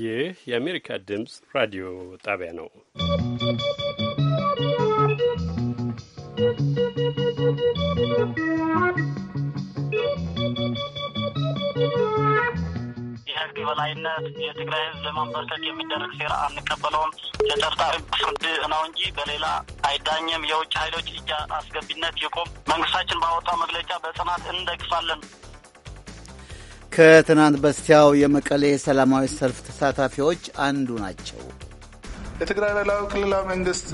ይህ የአሜሪካ ድምፅ ራዲዮ ጣቢያ ነው። የህግ የበላይነት የትግራይ ህዝብ ለማንበርከት የሚደረግ ሴራ አንቀበለውም። ህግ ፍርድ ነው እንጂ በሌላ አይዳኝም። የውጭ ኃይሎች እጅ አስገቢነት ይቁም። መንግስታችን ባወጣው መግለጫ በጽናት እንደግፋለን። ከትናንት በስቲያው የመቀሌ ሰላማዊ ሰልፍ ተሳታፊዎች አንዱ ናቸው። የትግራይ ላላዊ ክልላዊ መንግስት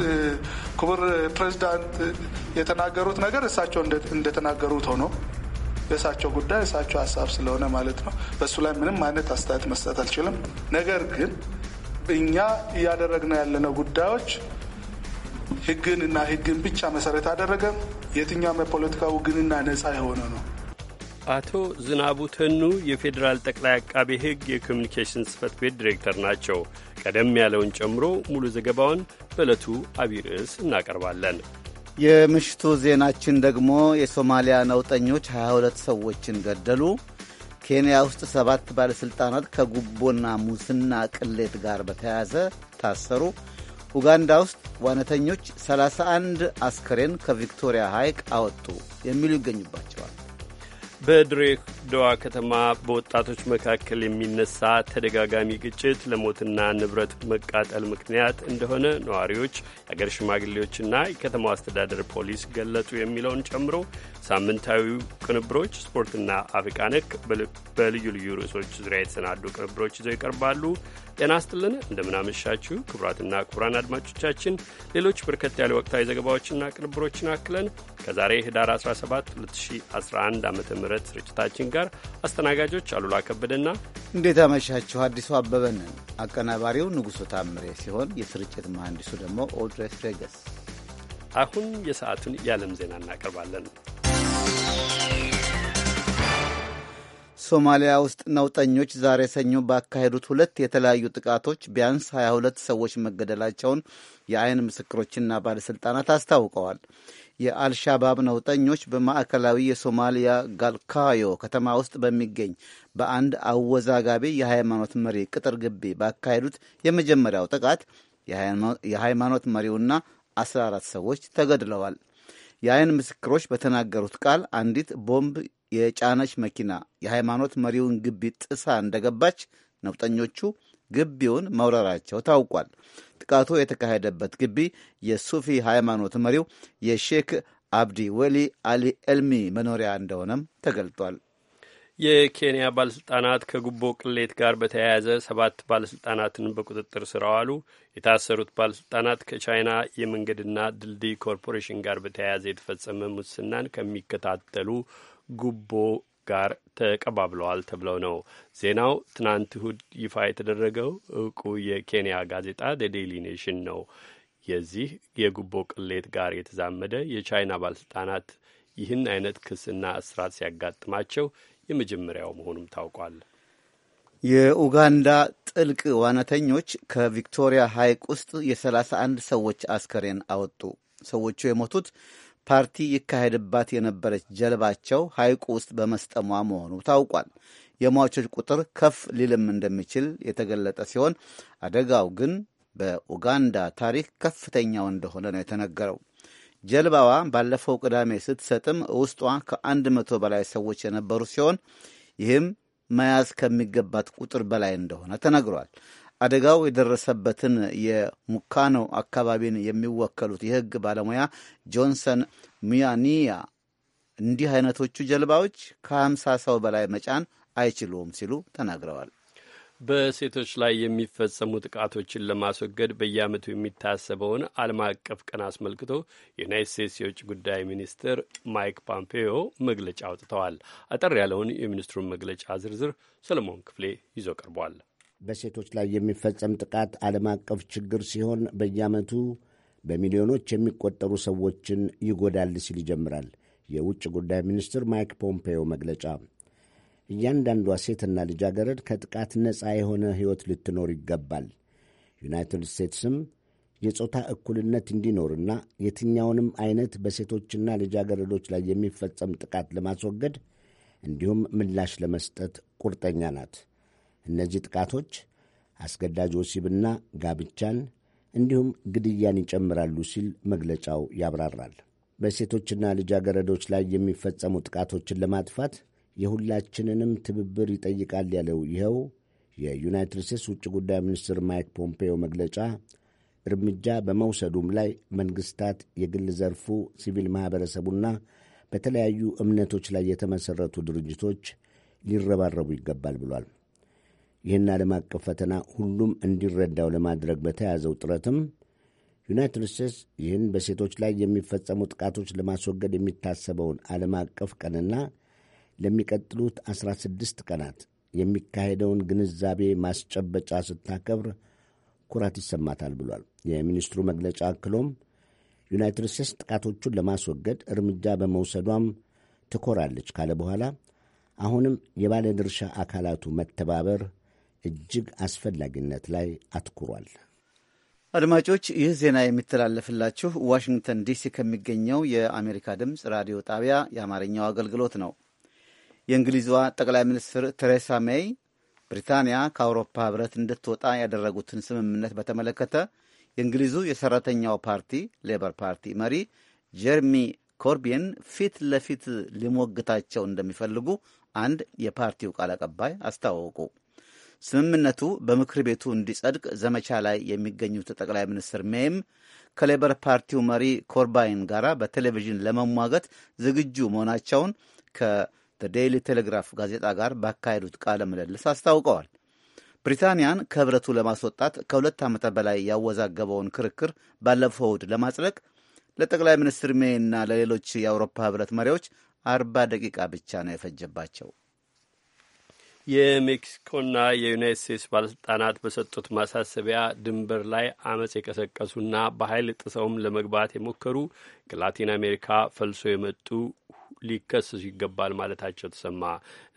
ክቡር ፕሬዚዳንት የተናገሩት ነገር እሳቸው እንደተናገሩት ሆኖ የእሳቸው ጉዳይ እሳቸው ሀሳብ ስለሆነ ማለት ነው። በእሱ ላይ ምንም አይነት አስተያየት መስጠት አልችልም። ነገር ግን እኛ እያደረግነው ያለነው ጉዳዮች ህግን እና ህግን ብቻ መሰረት አደረገ የትኛውም የፖለቲካ ውግንና ነፃ የሆነ ነው። አቶ ዝናቡ ተኑ የፌዴራል ጠቅላይ አቃቤ ሕግ የኮሚኒኬሽን ጽህፈት ቤት ዲሬክተር ናቸው። ቀደም ያለውን ጨምሮ ሙሉ ዘገባውን በዕለቱ አብይ ርዕስ እናቀርባለን። የምሽቱ ዜናችን ደግሞ የሶማሊያ ነውጠኞች 22 ሰዎችን ገደሉ፣ ኬንያ ውስጥ ሰባት ባለሥልጣናት ከጉቦና ሙስና ቅሌት ጋር በተያያዘ ታሰሩ፣ ኡጋንዳ ውስጥ ዋነተኞች 31 አስከሬን ከቪክቶሪያ ሐይቅ አወጡ የሚሉ ይገኙባቸዋል። በድሬዳዋ ከተማ በወጣቶች መካከል የሚነሳ ተደጋጋሚ ግጭት ለሞትና ንብረት መቃጠል ምክንያት እንደሆነ ነዋሪዎች፣ የአገር ሽማግሌዎችና የከተማው አስተዳደር ፖሊስ ገለጹ። የሚለውን ጨምሮ ሳምንታዊ ቅንብሮች፣ ስፖርትና አፍሪካ ነክ በልዩ ልዩ ርዕሶች ዙሪያ የተሰናዱ ቅንብሮች ይዘው ይቀርባሉ። ጤና ስጥልን እንደምናመሻችሁ ክቡራትና ክቡራን አድማጮቻችን ሌሎች በርከት ያለ ወቅታዊ ዘገባዎችና ቅንብሮችን አክለን ከዛሬ ህዳር 17 2011 ዓ ም ስርጭታችን ጋር አስተናጋጆች አሉላ ከበደና እንዴት አመሻችሁ አዲሱ አበበንን አቀናባሪው ንጉሱ ታምሬ ሲሆን የስርጭት መሐንዲሱ ደግሞ ኦድሬስ ሬገስ አሁን የሰዓቱን የዓለም ዜና እናቀርባለን። ሶማሊያ ውስጥ ነውጠኞች ዛሬ ሰኞ ባካሄዱት ሁለት የተለያዩ ጥቃቶች ቢያንስ 22 ሰዎች መገደላቸውን የአይን ምስክሮችና ባለሥልጣናት አስታውቀዋል። የአልሻባብ ነውጠኞች በማዕከላዊ የሶማሊያ ጋልካዮ ከተማ ውስጥ በሚገኝ በአንድ አወዛጋቢ የሃይማኖት መሪ ቅጥር ግቢ ባካሄዱት የመጀመሪያው ጥቃት የሃይማኖት መሪውና 14 ሰዎች ተገድለዋል። የአይን ምስክሮች በተናገሩት ቃል አንዲት ቦምብ የጫነች መኪና የሃይማኖት መሪውን ግቢ ጥሳ እንደገባች ነውጠኞቹ ግቢውን መውረራቸው ታውቋል። ጥቃቱ የተካሄደበት ግቢ የሱፊ ሃይማኖት መሪው የሼክ አብዲ ወሊ አሊ ኤልሚ መኖሪያ እንደሆነም ተገልጧል። የኬንያ ባለስልጣናት ከጉቦ ቅሌት ጋር በተያያዘ ሰባት ባለስልጣናትን በቁጥጥር ስር አዋሉ። የታሰሩት ባለስልጣናት ከቻይና የመንገድና ድልድይ ኮርፖሬሽን ጋር በተያያዘ የተፈጸመ ሙስናን ከሚከታተሉ ጉቦ ጋር ተቀባብለዋል ተብለው ነው። ዜናው ትናንት እሁድ ይፋ የተደረገው እውቁ የኬንያ ጋዜጣ ዴይሊ ኔሽን ነው። የዚህ የጉቦ ቅሌት ጋር የተዛመደ የቻይና ባለስልጣናት ይህን አይነት ክስና እስራት ሲያጋጥማቸው የመጀመሪያው መሆኑም ታውቋል። የኡጋንዳ ጥልቅ ዋናተኞች ከቪክቶሪያ ሐይቅ ውስጥ የ31 ሰዎች አስከሬን አወጡ። ሰዎቹ የሞቱት ፓርቲ ይካሄድባት የነበረች ጀልባቸው ሐይቁ ውስጥ በመስጠሟ መሆኑ ታውቋል። የሟቾች ቁጥር ከፍ ሊልም እንደሚችል የተገለጠ ሲሆን አደጋው ግን በኡጋንዳ ታሪክ ከፍተኛው እንደሆነ ነው የተነገረው። ጀልባዋ ባለፈው ቅዳሜ ስትሰጥም ውስጧ ከአንድ መቶ በላይ ሰዎች የነበሩ ሲሆን ይህም መያዝ ከሚገባት ቁጥር በላይ እንደሆነ ተነግሯል። አደጋው የደረሰበትን የሙካኖ አካባቢን የሚወከሉት የሕግ ባለሙያ ጆንሰን ሚያኒያ እንዲህ አይነቶቹ ጀልባዎች ከ50 ሰው በላይ መጫን አይችሉም ሲሉ ተናግረዋል። በሴቶች ላይ የሚፈጸሙ ጥቃቶችን ለማስወገድ በየዓመቱ የሚታሰበውን ዓለም አቀፍ ቀን አስመልክቶ የዩናይት ስቴትስ የውጭ ጉዳይ ሚኒስትር ማይክ ፖምፔዮ መግለጫ አውጥተዋል። አጠር ያለውን የሚኒስትሩን መግለጫ ዝርዝር ሰለሞን ክፍሌ ይዞ ቀርቧል። በሴቶች ላይ የሚፈጸም ጥቃት ዓለም አቀፍ ችግር ሲሆን በየዓመቱ በሚሊዮኖች የሚቆጠሩ ሰዎችን ይጎዳል ሲል ይጀምራል የውጭ ጉዳይ ሚኒስትር ማይክ ፖምፔዮ መግለጫ። እያንዳንዷ ሴትና ልጃገረድ ከጥቃት ነፃ የሆነ ሕይወት ልትኖር ይገባል። ዩናይትድ ስቴትስም የጾታ እኩልነት እንዲኖርና የትኛውንም አይነት በሴቶችና ልጃገረዶች ላይ የሚፈጸም ጥቃት ለማስወገድ እንዲሁም ምላሽ ለመስጠት ቁርጠኛ ናት። እነዚህ ጥቃቶች አስገዳጅ ወሲብና ጋብቻን እንዲሁም ግድያን ይጨምራሉ ሲል መግለጫው ያብራራል። በሴቶችና ልጃገረዶች ላይ የሚፈጸሙ ጥቃቶችን ለማጥፋት የሁላችንንም ትብብር ይጠይቃል ያለው ይኸው የዩናይትድ ስቴትስ ውጭ ጉዳይ ሚኒስትር ማይክ ፖምፔዮ መግለጫ እርምጃ በመውሰዱም ላይ መንግስታት፣ የግል ዘርፉ፣ ሲቪል ማኅበረሰቡና በተለያዩ እምነቶች ላይ የተመሠረቱ ድርጅቶች ሊረባረቡ ይገባል ብሏል። ይህን ዓለም አቀፍ ፈተና ሁሉም እንዲረዳው ለማድረግ በተያዘው ጥረትም ዩናይትድ ስቴትስ ይህን በሴቶች ላይ የሚፈጸሙ ጥቃቶች ለማስወገድ የሚታሰበውን ዓለም አቀፍ ቀንና ለሚቀጥሉት 16 ቀናት የሚካሄደውን ግንዛቤ ማስጨበጫ ስታከብር ኩራት ይሰማታል ብሏል። የሚኒስትሩ መግለጫ አክሎም ዩናይትድ ስቴትስ ጥቃቶቹን ለማስወገድ እርምጃ በመውሰዷም ትኮራለች ካለ በኋላ አሁንም የባለድርሻ አካላቱ መተባበር እጅግ አስፈላጊነት ላይ አትኩሯል። አድማጮች ይህ ዜና የሚተላለፍላችሁ ዋሽንግተን ዲሲ ከሚገኘው የአሜሪካ ድምፅ ራዲዮ ጣቢያ የአማርኛው አገልግሎት ነው። የእንግሊዟ ጠቅላይ ሚኒስትር ቴሬሳ ሜይ ብሪታንያ ከአውሮፓ ሕብረት እንድትወጣ ያደረጉትን ስምምነት በተመለከተ የእንግሊዙ የሰራተኛው ፓርቲ ሌበር ፓርቲ መሪ ጀርሚ ኮርቢን ፊት ለፊት ሊሞግታቸው እንደሚፈልጉ አንድ የፓርቲው ቃል አቀባይ አስታወቁ። ስምምነቱ በምክር ቤቱ እንዲጸድቅ ዘመቻ ላይ የሚገኙት ጠቅላይ ሚኒስትር ሜይም ከሌበር ፓርቲው መሪ ኮርባይን ጋር በቴሌቪዥን ለመሟገት ዝግጁ መሆናቸውን ከዴይሊ ቴሌግራፍ ጋዜጣ ጋር ባካሄዱት ቃለ ምልልስ አስታውቀዋል። ብሪታንያን ከህብረቱ ለማስወጣት ከሁለት ዓመታት በላይ ያወዛገበውን ክርክር ባለፈው እሁድ ለማጽለቅ ለጠቅላይ ሚኒስትር ሜይና ለሌሎች የአውሮፓ ህብረት መሪዎች አርባ ደቂቃ ብቻ ነው የፈጀባቸው። የሜክሲኮና የዩናይት ስቴትስ ባለስልጣናት በሰጡት ማሳሰቢያ ድንበር ላይ አመፅ የቀሰቀሱና በኃይል ጥሰውም ለመግባት የሞከሩ ከላቲን አሜሪካ ፈልሶ የመጡ ሊከሰሱ ይገባል ማለታቸው ተሰማ።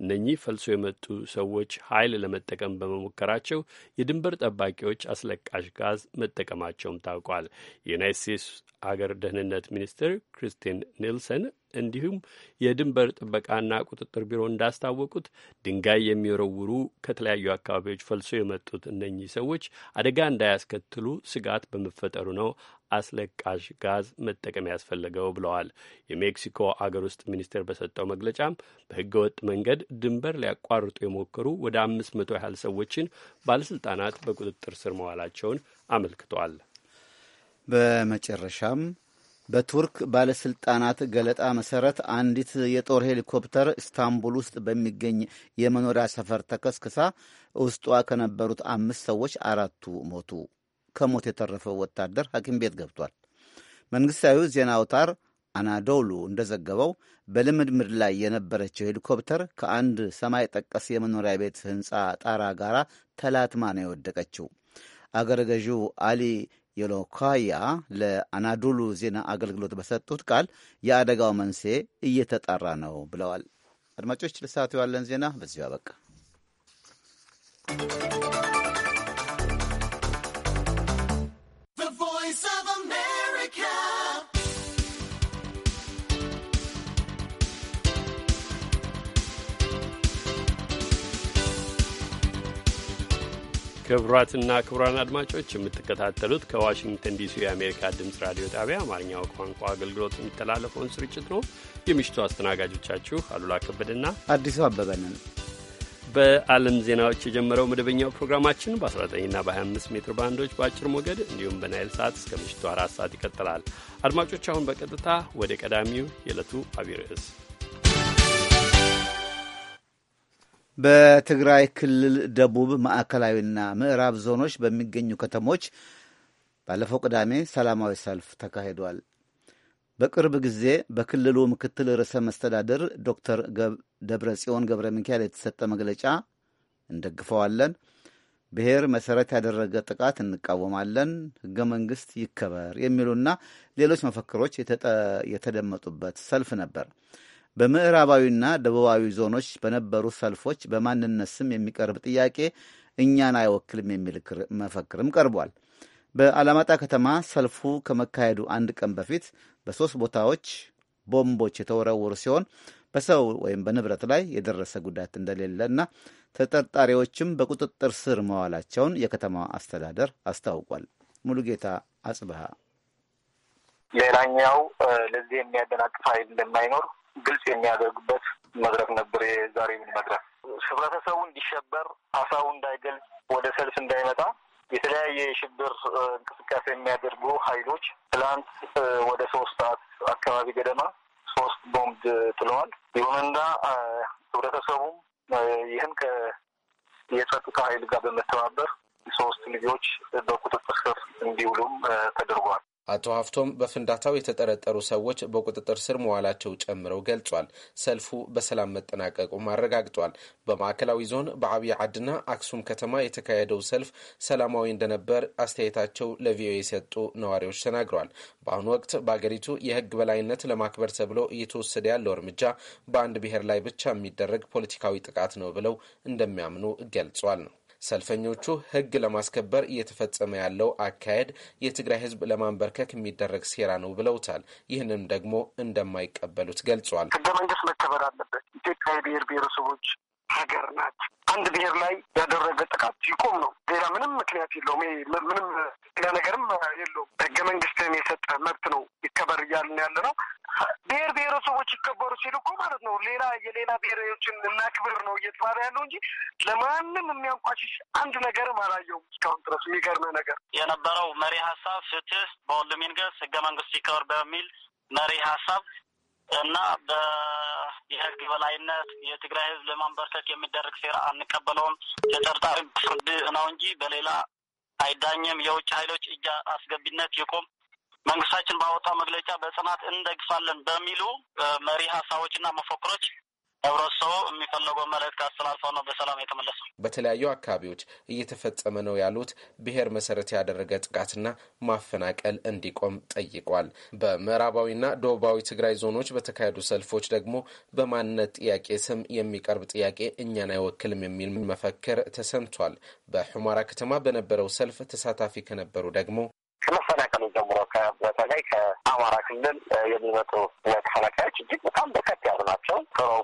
እነኚህ ፈልሶ የመጡ ሰዎች ኃይል ለመጠቀም በመሞከራቸው የድንበር ጠባቂዎች አስለቃሽ ጋዝ መጠቀማቸውም ታውቋል። የዩናይት ስቴትስ አገር ደህንነት ሚኒስትር ክሪስቲን ኒልሰን እንዲሁም የድንበር ጥበቃና ቁጥጥር ቢሮ እንዳስታወቁት ድንጋይ የሚወረውሩ ከተለያዩ አካባቢዎች ፈልሶ የመጡት እነኚህ ሰዎች አደጋ እንዳያስከትሉ ስጋት በመፈጠሩ ነው አስለቃሽ ጋዝ መጠቀም ያስፈለገው ብለዋል። የሜክሲኮ አገር ውስጥ ሚኒስቴር በሰጠው መግለጫም በህገወጥ መንገድ ድንበር ሊያቋርጡ የሞከሩ ወደ አምስት መቶ ያህል ሰዎችን ባለስልጣናት በቁጥጥር ስር መዋላቸውን አመልክቷል። በመጨረሻም በቱርክ ባለስልጣናት ገለጣ መሠረት አንዲት የጦር ሄሊኮፕተር ኢስታንቡል ውስጥ በሚገኝ የመኖሪያ ሰፈር ተከስክሳ ውስጧ ከነበሩት አምስት ሰዎች አራቱ ሞቱ። ከሞት የተረፈው ወታደር ሐኪም ቤት ገብቷል። መንግሥታዊ ዜና አውታር አናዶሉ እንደዘገበው በልምድምድ ላይ የነበረችው ሄሊኮፕተር ከአንድ ሰማይ ጠቀስ የመኖሪያ ቤት ሕንፃ ጣራ ጋር ተላትማ ነው የወደቀችው። አገረ ገዢው አሊ የሎካያ ለአናዶሉ ዜና አገልግሎት በሰጡት ቃል የአደጋው መንስኤ እየተጣራ ነው ብለዋል። አድማጮች፣ ለሰዓቱ ያለን ዜና በዚሁ አበቃ። ክቡራትና ክቡራን አድማጮች የምትከታተሉት ከዋሽንግተን ዲሲ የአሜሪካ ድምፅ ራዲዮ ጣቢያ አማርኛው ቋንቋ አገልግሎት የሚተላለፈውን ስርጭት ነው። የምሽቱ አስተናጋጆቻችሁ አሉላ ከበደና አዲሱ አበበ በአለም በዓለም ዜናዎች የጀመረው መደበኛው ፕሮግራማችን በ19ና በ25 ሜትር ባንዶች በአጭር ሞገድ እንዲሁም በናይል ሰዓት እስከ ምሽቱ አራት ሰዓት ይቀጥላል። አድማጮች አሁን በቀጥታ ወደ ቀዳሚው የዕለቱ አቢይ ርዕስ በትግራይ ክልል ደቡብ ማዕከላዊና ምዕራብ ዞኖች በሚገኙ ከተሞች ባለፈው ቅዳሜ ሰላማዊ ሰልፍ ተካሂዷል። በቅርብ ጊዜ በክልሉ ምክትል ርዕሰ መስተዳድር ዶክተር ደብረ ጽዮን ገብረ ሚካኤል የተሰጠ መግለጫ እንደግፈዋለን፣ ብሔር መሰረት ያደረገ ጥቃት እንቃወማለን፣ ሕገ መንግሥት ይከበር የሚሉና ሌሎች መፈክሮች የተደመጡበት ሰልፍ ነበር። በምዕራባዊና ደቡባዊ ዞኖች በነበሩ ሰልፎች በማንነት ስም የሚቀርብ ጥያቄ እኛን አይወክልም የሚል መፈክርም ቀርቧል። በአላማጣ ከተማ ሰልፉ ከመካሄዱ አንድ ቀን በፊት በሦስት ቦታዎች ቦምቦች የተወረወሩ ሲሆን በሰው ወይም በንብረት ላይ የደረሰ ጉዳት እንደሌለ እና ተጠርጣሪዎችም በቁጥጥር ስር መዋላቸውን የከተማዋ አስተዳደር አስታውቋል። ሙሉጌታ አጽብሃ ሌላኛው ለዚህ የሚያደናቅፍ ኃይል እንደማይኖር ግልጽ የሚያደርጉበት መድረክ ነበር የዛሬ መድረክ። ህብረተሰቡ እንዲሸበር፣ አሳቡ እንዳይገልጽ፣ ወደ ሰልፍ እንዳይመጣ የተለያየ የሽብር እንቅስቃሴ የሚያደርጉ ኃይሎች ትላንት ወደ ሶስት ሰዓት አካባቢ ገደማ ሶስት ቦምብ ጥለዋል። ይሁንና ህብረተሰቡም ይህን የጸጥታ ኃይል ጋር በመተባበር ሶስት ልጆች በቁጥጥር ስር እንዲውሉም ተደርጓል። አቶ ሀፍቶም በፍንዳታው የተጠረጠሩ ሰዎች በቁጥጥር ስር መዋላቸው ጨምረው ገልጿል። ሰልፉ በሰላም መጠናቀቁም አረጋግጧል። በማዕከላዊ ዞን በአብይ አድና አክሱም ከተማ የተካሄደው ሰልፍ ሰላማዊ እንደነበር አስተያየታቸው ለቪኦኤ የሰጡ ነዋሪዎች ተናግሯል። በአሁኑ ወቅት በአገሪቱ የህግ በላይነት ለማክበር ተብሎ እየተወሰደ ያለው እርምጃ በአንድ ብሔር ላይ ብቻ የሚደረግ ፖለቲካዊ ጥቃት ነው ብለው እንደሚያምኑ ገልጿል ነው ሰልፈኞቹ ህግ ለማስከበር እየተፈጸመ ያለው አካሄድ የትግራይ ህዝብ ለማንበርከክ የሚደረግ ሴራ ነው ብለውታል። ይህንም ደግሞ እንደማይቀበሉት ገልጿል። ህገ መንግስት መከበር አለበት። ኢትዮጵያ የብሔር ብሔረሰቦች ሀገር ናት። አንድ ብሔር ላይ ያደረገ ጥቃት ይቆም ነው። ሌላ ምንም ምክንያት የለውም። ምንም ሌላ ነገርም የለውም። ህገ መንግስትን የሰጠ መብት ነው ይከበር እያልን ያለ ነው። ብሔር ብሔረሰቦች ይከበሩ ሲል እኮ ማለት ነው ሌላ የሌላ ብሔሮችን እናክብር ነው እየተባለ ያለው እንጂ ለማንም የሚያንቋሽሽ አንድ ነገርም አላየውም እስካሁን ድረስ። የሚገርመ ነገር የነበረው መሪ ሀሳብ ፍትህ በሁሉም ይንገስ፣ ህገ መንግስት ይከበር በሚል መሪ ሀሳብ እና የህግ በላይነት የትግራይ ህዝብ ለማንበርከክ የሚደረግ ሴራ አንቀበለውም። ተጠርጣሪ ፍርድ ነው እንጂ በሌላ አይዳኝም። የውጭ ኃይሎች እጅ አስገቢነት ይቁም። መንግስታችን ባወጣው መግለጫ በጽናት እንደግፋለን በሚሉ መሪ ሀሳቦችና መፎክሮች ህብረተሰቡ የሚፈለገው መልእክት አስተላልፈው ነው በሰላም የተመለሰው። በተለያዩ አካባቢዎች እየተፈጸመ ነው ያሉት ብሔር መሰረት ያደረገ ጥቃትና ማፈናቀል እንዲቆም ጠይቋል። በምዕራባዊና ደቡባዊ ትግራይ ዞኖች በተካሄዱ ሰልፎች ደግሞ በማንነት ጥያቄ ስም የሚቀርብ ጥያቄ እኛን አይወክልም የሚል መፈክር ተሰምቷል። በሑማራ ከተማ በነበረው ሰልፍ ተሳታፊ ከነበሩ ደግሞ ከመፈናቀሉ ጀምሮ በተለይ ከአማራ ክልል የሚመጡ ተፈናቃዮች እጅግ በጣም በርከት ያሉ ናቸው።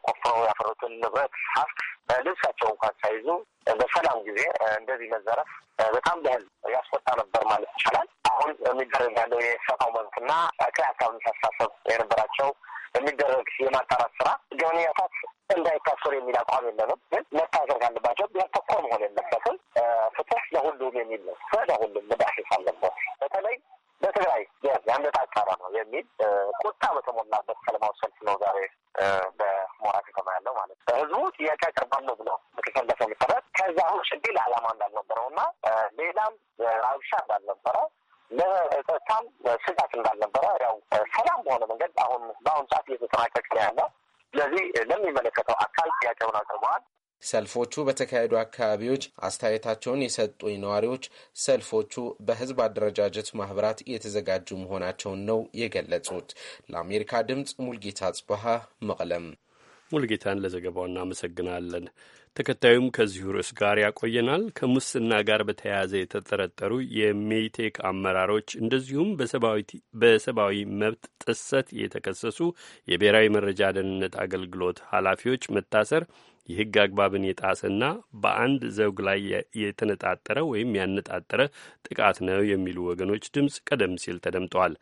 ቆፍረው ያፈሩትን ንብረት ሀብት ልብሳቸው እንኳን ሳይዙ በሰላም ጊዜ እንደዚህ መዘረፍ በጣም ለህዝብ ያስቆጣ ነበር ማለት ይቻላል። አሁን የሚደረግ ያለው የሰፋው መብትና ከሀሳብ ሳሳሰብ የነበራቸው የሚደረግ የማጣራት ስራ ገንያታት እንዳይታሰሩ የሚል አቋም የለንም። ግን መታሰር ካለባቸው ብሔር ተኮር መሆን የለበትም። ፍትህ ለሁሉም የሚል ነው። ለሁሉም መዳሰስ አለበት። በተለይ በትግራይ የአንድነት አቃራ ነው የሚል ቁጣ በተሞላበት ሰላማዊ ሰልፍ ነው ዛሬ በሞራ ከተማ ያለው ማለት ነው። ህዝቡ ጥያቄ ያቀርባሉ ብሎ በተሰለፈ መሰረት ከዛ አሁን ሽዴል አላማ እንዳልነበረው እና ሌላም ረብሻ እንዳልነበረ ለጸጥታም ስጋት እንዳልነበረ ያው ሰላም በሆነ መንገድ አሁን በአሁን ሰዓት እየተጠናቀቀ ነው ያለ። ስለዚህ ለሚመለከተው አካል ጥያቄውን አቅርበዋል። ሰልፎቹ በተካሄዱ አካባቢዎች አስተያየታቸውን የሰጡኝ ነዋሪዎች ሰልፎቹ በህዝብ አደረጃጀት ማህበራት የተዘጋጁ መሆናቸውን ነው የገለጹት። ለአሜሪካ ድምፅ ሙልጌታ ጽበሃ መቀለም ሙልጌታን ለዘገባው እናመሰግናለን። ተከታዩም ከዚሁ ርዕስ ጋር ያቆየናል። ከሙስና ጋር በተያያዘ የተጠረጠሩ የሜቴክ አመራሮች እንደዚሁም በሰብአዊ መብት ጥሰት የተከሰሱ የብሔራዊ መረጃ ደህንነት አገልግሎት ኃላፊዎች መታሰር የሕግ አግባብን የጣሰና በአንድ ዘውግ ላይ የተነጣጠረ ወይም ያነጣጠረ ጥቃት ነው የሚሉ ወገኖች ድምፅ ቀደም ሲል ተደምጠዋል።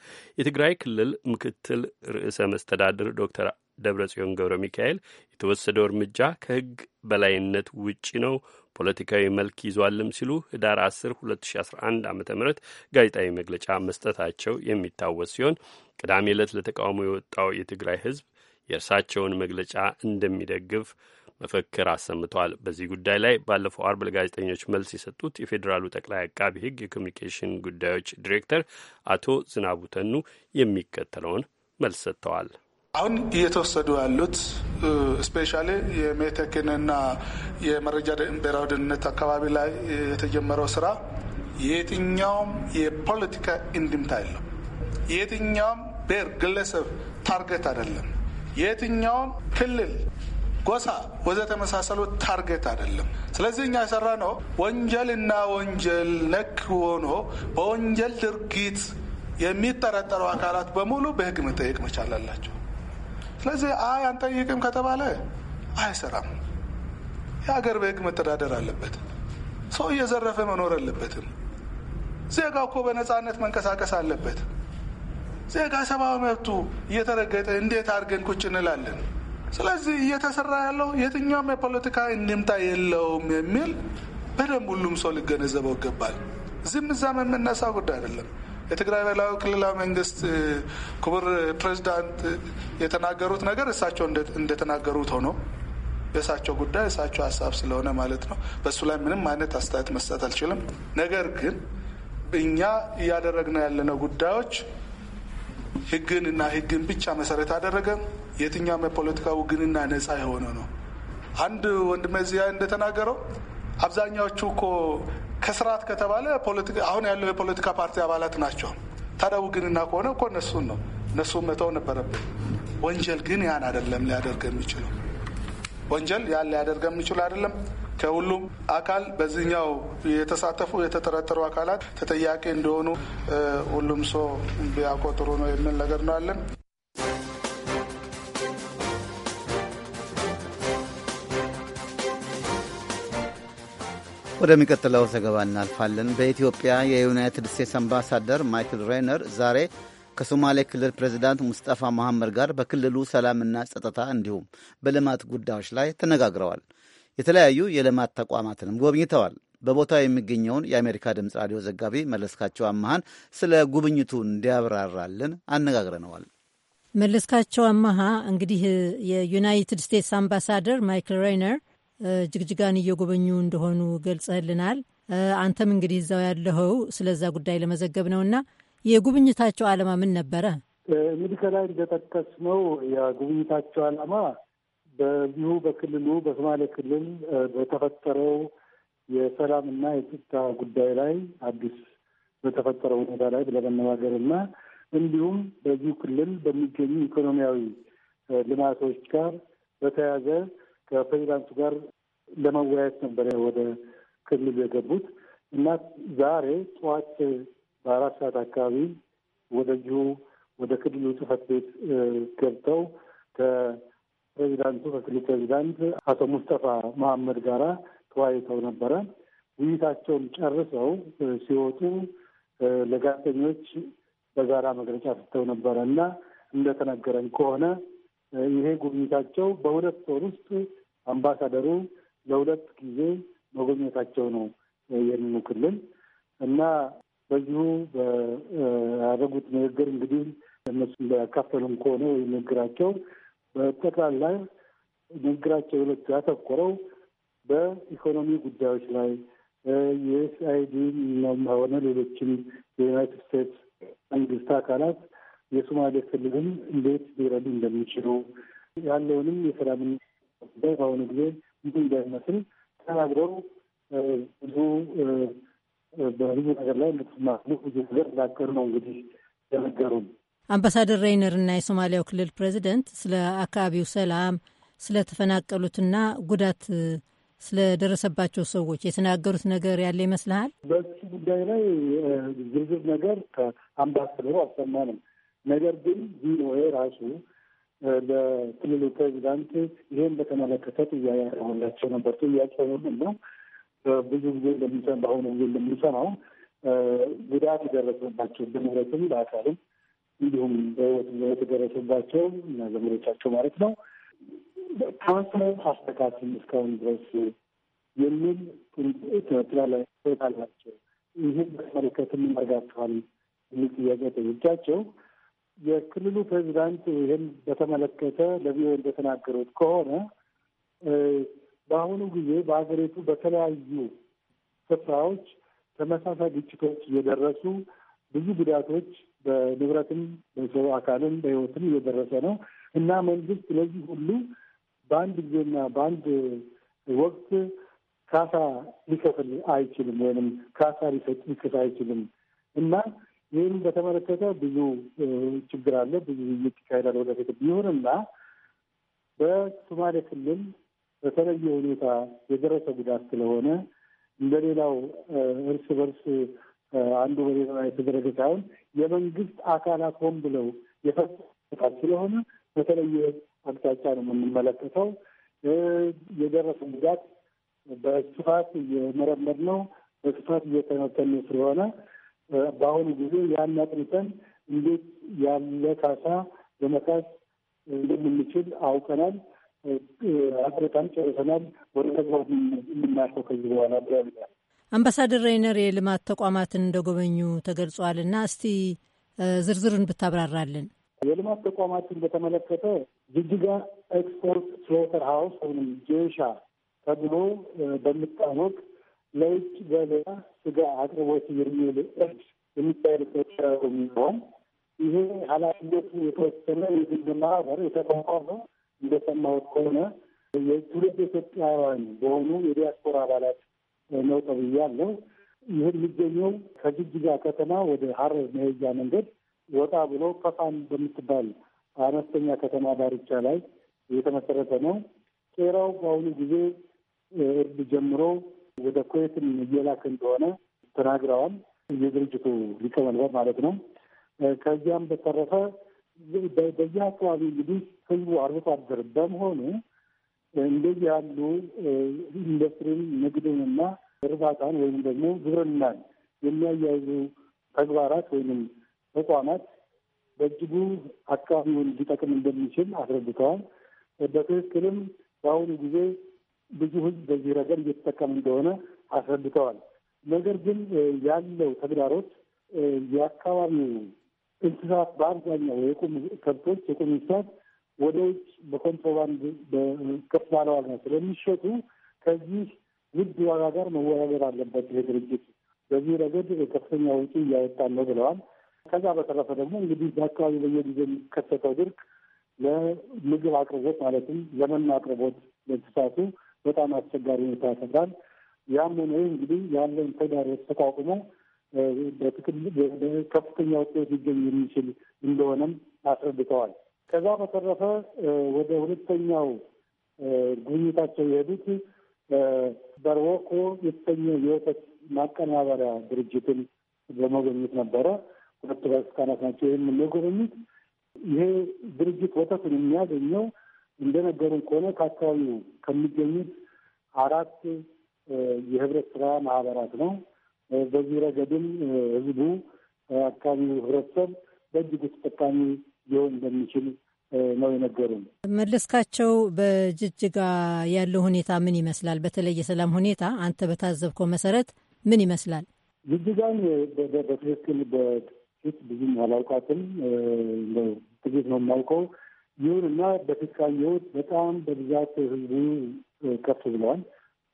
የትግራይ ክልል ምክትል ርዕሰ መስተዳድር ዶክተር ደብረ ጽዮን ገብረ ሚካኤል የተወሰደው እርምጃ ከህግ በላይነት ውጪ ነው፣ ፖለቲካዊ መልክ ይዟልም ሲሉ ህዳር 10 2011 ዓ ም ጋዜጣዊ መግለጫ መስጠታቸው የሚታወስ ሲሆን ቅዳሜ ዕለት ለተቃውሞ የወጣው የትግራይ ህዝብ የእርሳቸውን መግለጫ እንደሚደግፍ መፈክር አሰምተዋል። በዚህ ጉዳይ ላይ ባለፈው አርብ ለጋዜጠኞች መልስ የሰጡት የፌዴራሉ ጠቅላይ አቃቢ ህግ የኮሚኒኬሽን ጉዳዮች ዲሬክተር አቶ ዝናቡ ተኑ የሚከተለውን መልስ ሰጥተዋል። አሁን እየተወሰዱ ያሉት ስፔሻሊ የሜቴክንና የመረጃ ብሔራዊ ደህንነት አካባቢ ላይ የተጀመረው ስራ የትኛውም የፖለቲካ እንድምታ የለም። የትኛውም ብሔር፣ ግለሰብ ታርጌት አይደለም። የትኛውም ክልል፣ ጎሳ፣ ወዘ ተመሳሰሉ ታርጌት አይደለም። ስለዚህ እኛ የሰራ ነው ወንጀል እና ወንጀል ነክ ሆኖ በወንጀል ድርጊት የሚጠረጠሩ አካላት በሙሉ በህግ መጠየቅ መቻል አላቸው። ስለዚህ አይ አንጠይቅም ከተባለ አይሰራም። የሀገር በህግ መተዳደር አለበት። ሰው እየዘረፈ መኖር አለበትም። ዜጋ እኮ በነፃነት መንቀሳቀስ አለበት። ዜጋ ሰብአዊ መብቱ እየተረገጠ እንዴት አድርገን ቁጭ እንላለን? ስለዚህ እየተሰራ ያለው የትኛውም የፖለቲካ እንድምታ የለውም የሚል በደንብ ሁሉም ሰው ሊገነዘበው ይገባል። ዝም እዛም የምነሳ ጉዳይ አይደለም። የትግራይ ብሔራዊ ክልላዊ መንግስት ክቡር ፕሬዚዳንት የተናገሩት ነገር እሳቸው እንደተናገሩት ሆኖ የእሳቸው ጉዳይ እሳቸው ሀሳብ ስለሆነ ማለት ነው። በእሱ ላይ ምንም አይነት አስተያየት መስጠት አልችልም። ነገር ግን እኛ እያደረግነው ያለነው ጉዳዮች ህግን እና ህግን ብቻ መሰረት አደረገም የትኛውም የፖለቲካ ውግንና ነጻ የሆነ ነው። አንድ ወንድሜ እዚያ እንደተናገረው አብዛኛዎቹ እኮ ከስርዓት ከተባለ አሁን ያለው የፖለቲካ ፓርቲ አባላት ናቸው። ታዲያ ውግንና ከሆነ እኮ እነሱን ነው እነሱን መተው ነበረብን። ወንጀል ግን ያን አይደለም ሊያደርግ የሚችለው ወንጀል ያን ሊያደርግ የሚችለው አይደለም። ከሁሉም አካል በዚህኛው የተሳተፉ የተጠረጠሩ አካላት ተጠያቂ እንደሆኑ ሁሉም ሰው ቢያውቀው ጥሩ ነው የሚል ነገር ነው አለን። ወደሚቀጥለው ዘገባ እናልፋለን። በኢትዮጵያ የዩናይትድ ስቴትስ አምባሳደር ማይክል ሬነር ዛሬ ከሶማሌ ክልል ፕሬዚዳንት ሙስጠፋ መሐመድ ጋር በክልሉ ሰላምና ጸጥታ እንዲሁም በልማት ጉዳዮች ላይ ተነጋግረዋል። የተለያዩ የልማት ተቋማትንም ጎብኝተዋል። በቦታው የሚገኘውን የአሜሪካ ድምፅ ራዲዮ ዘጋቢ መለስካቸው አመሃን ስለ ጉብኝቱ እንዲያብራራልን አነጋግረነዋል። መለስካቸው አመሃ፣ እንግዲህ የዩናይትድ ስቴትስ አምባሳደር ማይክል ሬነር ጅግጅጋን እየጎበኙ እንደሆኑ ገልጸልናል። አንተም እንግዲህ እዛው ያለኸው ስለዛ ጉዳይ ለመዘገብ ነው እና የጉብኝታቸው ዓላማ ምን ነበረ? እንግዲህ ከላይ እንደጠቀስ ነው የጉብኝታቸው ዓላማ በዚሁ በክልሉ በሶማሌ ክልል በተፈጠረው የሰላም እና የጸጥታ ጉዳይ ላይ አዲስ በተፈጠረው ሁኔታ ላይ ለመነጋገር እና እንዲሁም በዚሁ ክልል በሚገኙ ኢኮኖሚያዊ ልማቶች ጋር በተያያዘ ከፕሬዚዳንቱ ጋር ለመወያየት ነበረ ወደ ክልሉ የገቡት እና ዛሬ ጠዋት በአራት ሰዓት አካባቢ ወደዚሁ ወደ ክልሉ ጽህፈት ቤት ገብተው ከፕሬዚዳንቱ ከክልሉ ፕሬዚዳንት አቶ ሙስጠፋ መሐመድ ጋራ ተወያይተው ነበረ። ውይይታቸውን ጨርሰው ሲወጡ ለጋዜጠኞች በጋራ መግለጫ ሰጥተው ነበረ እና እንደተነገረን ከሆነ ይሄ ጉብኝታቸው በሁለት ወር ውስጥ አምባሳደሩ ለሁለት ጊዜ መጎብኘታቸው ነው የእኔኑ ክልል እና በዚሁ ያደረጉት ንግግር እንግዲህ እነሱ እንዳያካፈሉም ከሆነ ወይ ንግግራቸው በጠቅላላ ንግግራቸው ሁለቱ ያተኮረው በኢኮኖሚ ጉዳዮች ላይ የዩኤስአይዲ ሆነ ሌሎችም የዩናይትድ ስቴትስ መንግስት አካላት የሶማሌ ክልልን እንዴት ሊረዱ እንደሚችሉ ያለውንም የሰላምን ጉዳይ በአሁኑ ጊዜ ብዙ እንዳይመስል ተናግረው ብዙ በብዙ ነገር ላይ እንድትማሉ ብዙ ነገር እንዳገር ነው እንግዲህ የነገሩን። አምባሳደር ሬይነር እና የሶማሊያው ክልል ፕሬዚደንት ስለ አካባቢው ሰላም፣ ስለተፈናቀሉትና ጉዳት ስለደረሰባቸው ሰዎች የተናገሩት ነገር ያለ ይመስልሃል? በሱ ጉዳይ ላይ ዝርዝር ነገር ከአምባሳደሩ አልሰማንም። ነገር ግን ቪኦኤ ራሱ ለክልሉ ፕሬዚዳንት ይህን በተመለከተ ጥያቄ ያቀረበላቸው ነበር። ጥያቄ ምንድን ነው? ብዙ ጊዜ እንደሚሰ በአሁኑ ጊዜ እንደሚሰማው ጉዳት የደረሰባቸው በንብረትም በአካልም እንዲሁም በሕይወት የደረሰባቸው እና ዘመዶቻቸው ማለት ነው ካንሰር አስተካክል እስካሁን ድረስ የሚል ትላላቸው ይህን በተመለከተ ምን አድርጋችኋል? የሚል ጥያቄ ጠይቄያቸው የክልሉ ፕሬዚዳንት ይህን በተመለከተ ለቪኦኤ እንደተናገሩት ከሆነ በአሁኑ ጊዜ በሀገሪቱ በተለያዩ ስፍራዎች ተመሳሳይ ግጭቶች እየደረሱ ብዙ ጉዳቶች በንብረትም በሰው አካልም በሕይወትም እየደረሰ ነው እና መንግስት ለዚህ ሁሉ በአንድ ጊዜና በአንድ ወቅት ካሳ ሊከፍል አይችልም ወይም ካሳ ሊሰጥ ሊከፍል አይችልም እና ይህም በተመለከተ ብዙ ችግር አለ፣ ብዙ ውይይት ይካሄዳል ወደፊት። ቢሆንና በሶማሌ ክልል በተለየ ሁኔታ የደረሰ ጉዳት ስለሆነ እንደሌላው እርስ በርስ አንዱ በሌላ ላይ የተደረገ ሳይሆን የመንግስት አካላት ሆን ብለው የፈጣል ስለሆነ በተለየ አቅጣጫ ነው የምንመለከተው። የደረሰ ጉዳት በስፋት እየመረመር ነው፣ በስፋት እየተነተኑ ስለሆነ በአሁኑ ጊዜ ያን አጥንተን እንዴት ያለ ካሳ ለመካስ እንደምንችል አውቀናል፣ አጥርተን ጨርሰናል። ወደ ተግባር የምናልፈው ከዚህ በኋላ ብለውኛል። አምባሳደር ሬይነር የልማት ተቋማትን እንደጎበኙ ተገልጿል እና እስቲ ዝርዝርን ብታብራራልን። የልማት ተቋማትን በተመለከተ ጅጅጋ ኤክስፖርት ስሎተር ሀውስ ወይም ጄሻ ተብሎ በሚታወቅ ለውጭ ገበያ ስጋ አቅርቦት የሚል እርድ የሚካሄድበት የሚሆን ይህ ኃላፊነቱ የተወሰነ የግል ማህበር የተቋቋመ እንደሰማሁት ከሆነ የትውልድ ኢትዮጵያውያን በሆኑ የዲያስፖራ አባላት ነው ተብያለሁ። ይህ የሚገኘው ከጅጅጋ ከተማ ወደ ሀረር መሄጃ መንገድ ወጣ ብሎ ከፋን በምትባል አነስተኛ ከተማ ዳርቻ ላይ የተመሰረተ ነው። ቄራው በአሁኑ ጊዜ እርድ ጀምሮ ወደ ኩዌትም እየላክ እንደሆነ ተናግረዋል። የድርጅቱ ሊቀመንበር ማለት ነው። ከዚያም በተረፈ በዚህ አካባቢ እንግዲህ ህዝቡ አርብቶ አደር በመሆኑ እንደዚህ ያሉ ኢንዱስትሪን ንግድንና እርባታን ወይም ደግሞ ግብርናን የሚያያይዙ ተግባራት ወይም ተቋማት በእጅጉ አካባቢውን ሊጠቅም እንደሚችል አስረድተዋል። በትክክልም በአሁኑ ጊዜ ብዙ ህዝብ በዚህ ረገድ እየተጠቀሙ እንደሆነ አስረድተዋል። ነገር ግን ያለው ተግዳሮት የአካባቢው እንስሳት በአብዛኛው የቁም ከብቶች የቁም እንስሳት ወደ ውጭ በኮንትሮባንድ ከፍ ባለ ዋጋ ስለሚሸጡ ከዚህ ውድ ዋጋ ጋር መወዳደር አለበት ይሄ ድርጅት። በዚህ ረገድ ከፍተኛ ውጪ እያወጣ ነው ብለዋል። ከዛ በተረፈ ደግሞ እንግዲህ በአካባቢ በየጊዜ የሚከሰተው ድርቅ ለምግብ አቅርቦት ማለትም ለመኖ አቅርቦት ለእንስሳቱ በጣም አስቸጋሪ ሁኔታ ያፈጥራል። ያም ሆነ እንግዲህ ያለን ተግዳሮት ተቋቁሞ ከፍተኛ ውጤት ሊገኝ የሚችል እንደሆነም አስረድተዋል። ከዛ በተረፈ ወደ ሁለተኛው ጉብኝታቸው የሄዱት በርወቆ የተሰኘ የወተት ማቀናበሪያ ድርጅትን በመጎብኘት ነበረ። ሁለቱ ባለስልጣናት ናቸው ይህን የጎበኙት። ይሄ ድርጅት ወተቱን የሚያገኘው እንደነገሩን ከሆነ ከአካባቢው ከሚገኙት አራት የህብረት ስራ ማህበራት ነው። በዚህ ረገድም ህዝቡ አካባቢው ህብረተሰብ በእጅጉ ተጠቃሚ ሊሆን እንደሚችል ነው የነገሩን። መለስካቸው፣ በጅጅጋ ያለው ሁኔታ ምን ይመስላል? በተለይ የሰላም ሁኔታ አንተ በታዘብከው መሰረት ምን ይመስላል? ጅጅጋን በትክክል በፊት ብዙም አላውቃትም፣ ጥቂት ነው የማውቀው። ይሁንና በፊት በጣም በብዛት ህዝቡ ከፍ ብለዋል።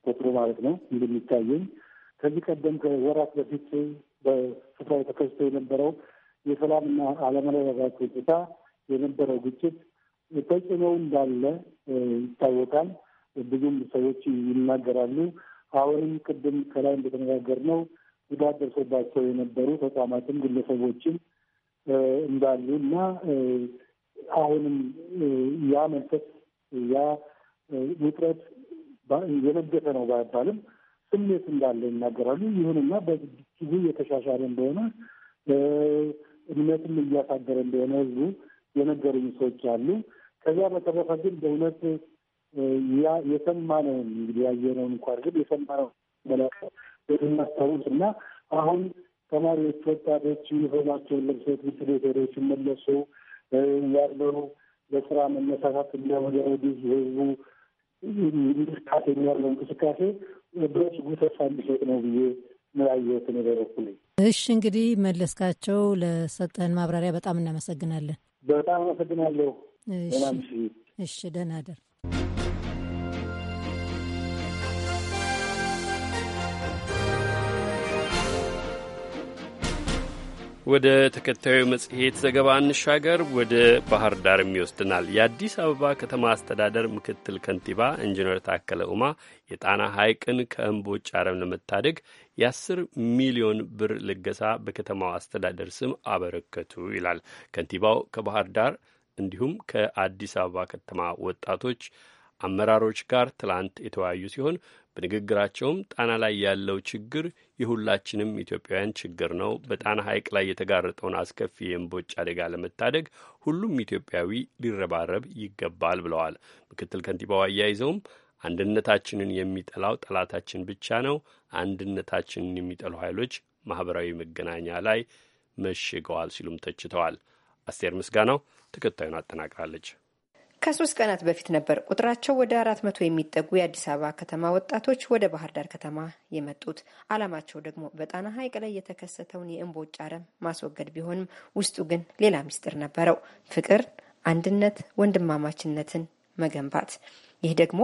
ቁጥሩ ማለት ነው እንደሚታየኝ ከዚህ ቀደም ከወራት በፊት በስፍራው ተከስቶ የነበረው የሰላምና አለመረጋጋት ሁኔታ የነበረው ግጭት ተጽዕኖው እንዳለ ይታወቃል። ብዙም ሰዎች ይናገራሉ። አሁንም ቅድም ከላይ ነው ጉዳት ደርሶባቸው የነበሩ ተቋማትም ግለሰቦችም እንዳሉ እና አሁንም ያ መንፈስ ያ ውጥረት የነገሰ ነው ባይባልም ስሜት እንዳለ ይናገራሉ። ይሁንና በጊዜ የተሻሻለ እንደሆነ እምነትም እያሳደረ እንደሆነ ህዝቡ የነገሩኝ ሰዎች አሉ። ከዚያ በተረፈ ግን በእውነት የሰማነውን እንግዲህ ያየነውን እንኳን ግን የሰማነው መላከ የምናስታውስ እና አሁን ተማሪዎች፣ ወጣቶች ዩኒፎርማቸውን ለብሰው ትምህርት ቤት ሄደው ሲመለሱ ያለው ለስራ መነሳሳት እና ወደ ወዲህ የህዝቡ እንቅስቃሴ የሚያለው እንቅስቃሴ በእጅጉ ተስፋ እንዲሰጥ ነው ብዬ ምራየት ነው ነኝ። እሺ እንግዲህ መለስካቸው ለሰጠን ማብራሪያ በጣም እናመሰግናለን። በጣም አመሰግናለሁ። እሺ እሺ፣ ደህና ደር ወደ ተከታዩ መጽሔት ዘገባ እንሻገር። ወደ ባህር ዳር ይወስድናል። የአዲስ አበባ ከተማ አስተዳደር ምክትል ከንቲባ ኢንጂነር ታከለ ኡማ የጣና ሐይቅን ከእምቦጭ አረም ለመታደግ የአስር ሚሊዮን ብር ልገሳ በከተማው አስተዳደር ስም አበረከቱ ይላል። ከንቲባው ከባህር ዳር እንዲሁም ከአዲስ አበባ ከተማ ወጣቶች አመራሮች ጋር ትላንት የተወያዩ ሲሆን በንግግራቸውም ጣና ላይ ያለው ችግር የሁላችንም ኢትዮጵያውያን ችግር ነው። በጣና ሐይቅ ላይ የተጋረጠውን አስከፊ የእምቦጭ አደጋ ለመታደግ ሁሉም ኢትዮጵያዊ ሊረባረብ ይገባል ብለዋል። ምክትል ከንቲባው አያይዘውም አንድነታችንን የሚጠላው ጠላታችን ብቻ ነው። አንድነታችንን የሚጠሉ ኃይሎች ማህበራዊ መገናኛ ላይ መሽገዋል ሲሉም ተችተዋል። አስቴር ምስጋናው ተከታዩን አጠናቅራለች። ከሶስት ቀናት በፊት ነበር ቁጥራቸው ወደ አራት መቶ የሚጠጉ የአዲስ አበባ ከተማ ወጣቶች ወደ ባህር ዳር ከተማ የመጡት። አላማቸው ደግሞ በጣና ሐይቅ ላይ የተከሰተውን የእምቦጭ አረም ማስወገድ ቢሆንም ውስጡ ግን ሌላ ምስጢር ነበረው። ፍቅር፣ አንድነት፣ ወንድማማችነትን መገንባት ይህ ደግሞ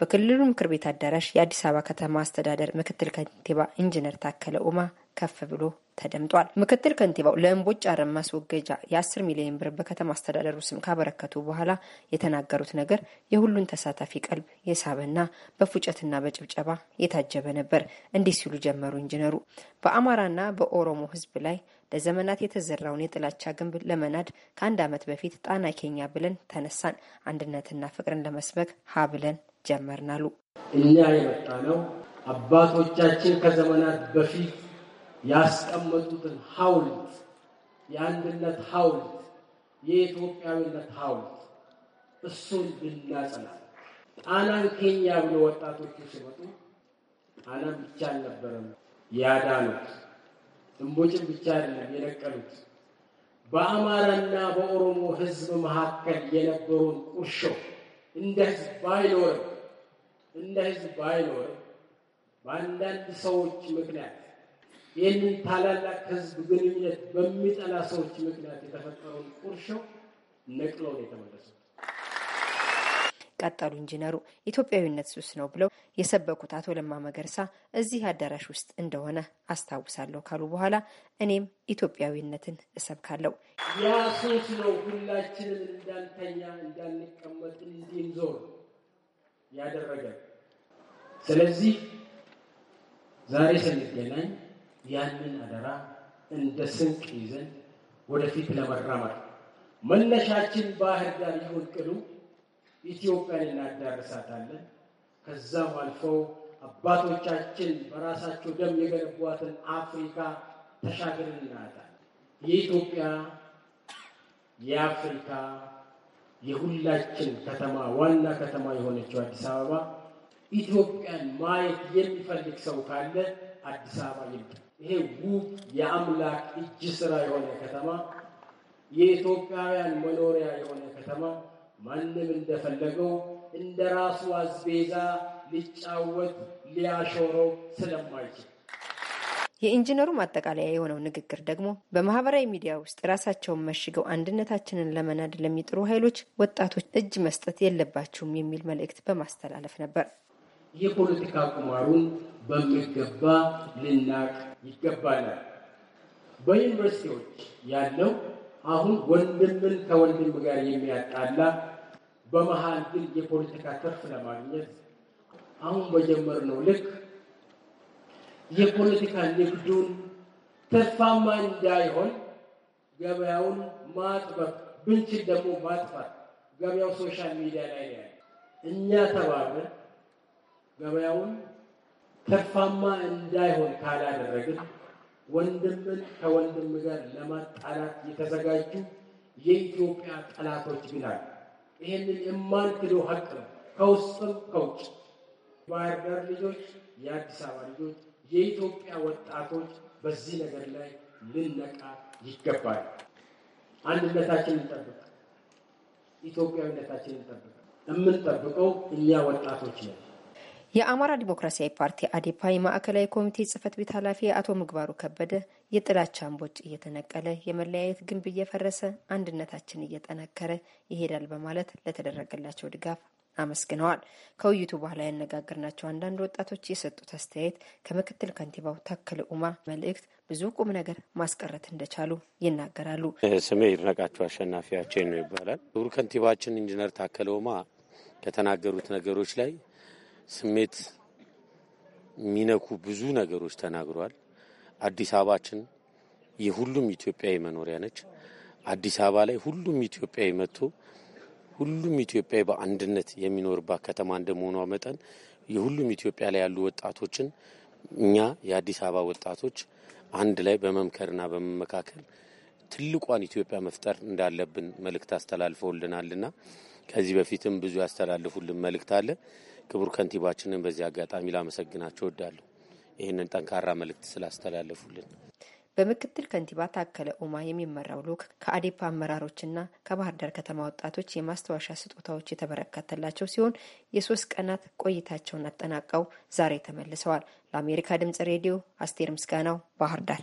በክልሉ ምክር ቤት አዳራሽ የአዲስ አበባ ከተማ አስተዳደር ምክትል ከንቲባ ኢንጂነር ታከለ ኡማ ከፍ ብሎ ተደምጧል። ምክትል ከንቲባው ለእምቦጭ አረም ማስወገጃ የ10 ሚሊዮን ብር በከተማ አስተዳደሩ ስም ካበረከቱ በኋላ የተናገሩት ነገር የሁሉን ተሳታፊ ቀልብ የሳበና በፉጨትና በጭብጨባ የታጀበ ነበር። እንዲህ ሲሉ ጀመሩ ኢንጂነሩ በአማራና በኦሮሞ ሕዝብ ላይ ለዘመናት የተዘራውን የጥላቻ ግንብ ለመናድ ከአንድ ዓመት በፊት ጣና ኬኛ ብለን ተነሳን። አንድነትና ፍቅርን ለመስበክ ሀ ብለን ጀመርናሉ። እኛ የመጣ ነው አባቶቻችን ከዘመናት በፊት ያስቀመጡትን ሐውልት የአንድነት ሐውልት የኢትዮጵያዊነት ሐውልት እሱን ብናጸናል ጣናን ኬንያ ብሎ ወጣቶቹ ሲመጡ ጣናን ብቻ አልነበረም ያዳኑት እምቦጭን ብቻ አይደለም የለቀሉት በአማራና በኦሮሞ ሕዝብ መካከል የነበሩን ቁርሾ እንደ ሕዝብ ባይኖርም እንደ ሕዝብ ባይኖርም በአንዳንድ ሰዎች ምክንያት ይህንን ታላላቅ ህዝብ ግንኙነት በሚጠላ ሰዎች ምክንያት የተፈጠረውን ቁርሾ ነቅሎ ነው የተመለሱት። ቀጠሉ ኢንጂነሩ ኢትዮጵያዊነት ሱስ ነው ብለው የሰበኩት አቶ ለማ መገርሳ እዚህ አዳራሽ ውስጥ እንደሆነ አስታውሳለሁ ካሉ በኋላ እኔም ኢትዮጵያዊነትን እሰብካለሁ። ያ ሱስ ነው ሁላችንም እንዳንተኛ፣ እንዳንቀመጥ፣ እንዲም ዞር ያደረገ። ስለዚህ ዛሬ ስንገናኝ ያንን አደራ እንደ ስንቅ ይዘን ወደፊት ለመራመድ መነሻችን ባህር ዳር ይሁን ቅሉ ኢትዮጵያን እናዳርሳታለን። ከዛም አልፈው አባቶቻችን በራሳቸው ደም የገነቧትን አፍሪካ ተሻገርን እናያታለን። የኢትዮጵያ የአፍሪካ የሁላችን ከተማ ዋና ከተማ የሆነችው አዲስ አበባ ኢትዮጵያን ማየት የሚፈልግ ሰው ካለ አዲስ አበባ ይምጣ። ይሄ ውብ የአምላክ እጅ ስራ የሆነ ከተማ፣ የኢትዮጵያውያን መኖሪያ የሆነ ከተማ ማንም እንደፈለገው እንደ ራሱ አዝቤዛ ሊጫወት ሊያሾረው ስለማይችል የኢንጂነሩ ማጠቃለያ የሆነው ንግግር ደግሞ በማህበራዊ ሚዲያ ውስጥ ራሳቸውን መሽገው አንድነታችንን ለመናድ ለሚጥሩ ኃይሎች ወጣቶች እጅ መስጠት የለባችሁም የሚል መልእክት በማስተላለፍ ነበር። የፖለቲካ ቁማሩን በሚገባ ልናቅ ይገባናል። በዩኒቨርሲቲዎች ያለው አሁን ወንድምን ከወንድም ጋር የሚያጣላ በመሀል ግን የፖለቲካ ትርፍ ለማግኘት አሁን በጀመርነው ልክ የፖለቲካ ንግዱን ተስፋማ እንዳይሆን ገበያውን ማጥበብ ብንችል ደግሞ ማጥፋት ገበያው ሶሻል ሚዲያ ላይ ያለ እኛ ተባብረን ገበያውን ትርፋማ እንዳይሆን ካላደረግን ወንድምን ከወንድም ጋር ለማጣላት የተዘጋጁ የኢትዮጵያ ጠላቶች ግን አሉ። ይህንን የማንክደው ሀቅ ነው። ከውስጥም ከውጭ ባህር ዳር ልጆች፣ የአዲስ አበባ ልጆች፣ የኢትዮጵያ ወጣቶች በዚህ ነገር ላይ ልነቃ ይገባል። አንድነታችን እንጠብቅ፣ ኢትዮጵያዊነታችን እንጠብቅ። የምንጠብቀው እኛ ወጣቶች ነን። የአማራ ዲሞክራሲያዊ ፓርቲ አዴፓ የማዕከላዊ ኮሚቴ ጽህፈት ቤት ኃላፊ አቶ ምግባሩ ከበደ የጥላቻ አምቦጭ እየተነቀለ የመለያየት ግንብ እየፈረሰ አንድነታችን እየጠነከረ ይሄዳል በማለት ለተደረገላቸው ድጋፍ አመስግነዋል። ከውይይቱ በኋላ ያነጋገርናቸው አንዳንድ ወጣቶች የሰጡት አስተያየት ከምክትል ከንቲባው ታከለ ኡማ መልእክት ብዙ ቁም ነገር ማስቀረት እንደቻሉ ይናገራሉ። ስሜ ይድነቃቸው አሸናፊያችን ነው ይባላል። ክቡር ከንቲባችን ኢንጂነር ታከለ ኡማ ከተናገሩት ነገሮች ላይ ስሜት የሚነኩ ብዙ ነገሮች ተናግረዋል። አዲስ አበባችን የሁሉም ኢትዮጵያዊ መኖሪያ ነች። አዲስ አበባ ላይ ሁሉም ኢትዮጵያዊ መጥቶ ሁሉም ኢትዮጵያዊ በአንድነት የሚኖርባት ከተማ እንደመሆኗ መጠን የሁሉም ኢትዮጵያ ላይ ያሉ ወጣቶችን እኛ የአዲስ አበባ ወጣቶች አንድ ላይ በመምከርና በመመካከል ትልቋን ኢትዮጵያ መፍጠር እንዳለብን መልእክት አስተላልፈውልናልና ከዚህ በፊትም ብዙ ያስተላልፉልን መልእክት አለ። ክቡር ከንቲባችንን በዚህ አጋጣሚ ላመሰግናቸው እወዳለሁ ይህንን ጠንካራ መልእክት ስላስተላለፉልን። በምክትል ከንቲባ ታከለ ኡማ የሚመራው ልኡክ ከአዴፓ አመራሮችና ከባህር ዳር ከተማ ወጣቶች የማስታወሻ ስጦታዎች የተበረከተላቸው ሲሆን የሶስት ቀናት ቆይታቸውን አጠናቀው ዛሬ ተመልሰዋል። ለአሜሪካ ድምጽ ሬዲዮ አስቴር ምስጋናው ባህር ዳር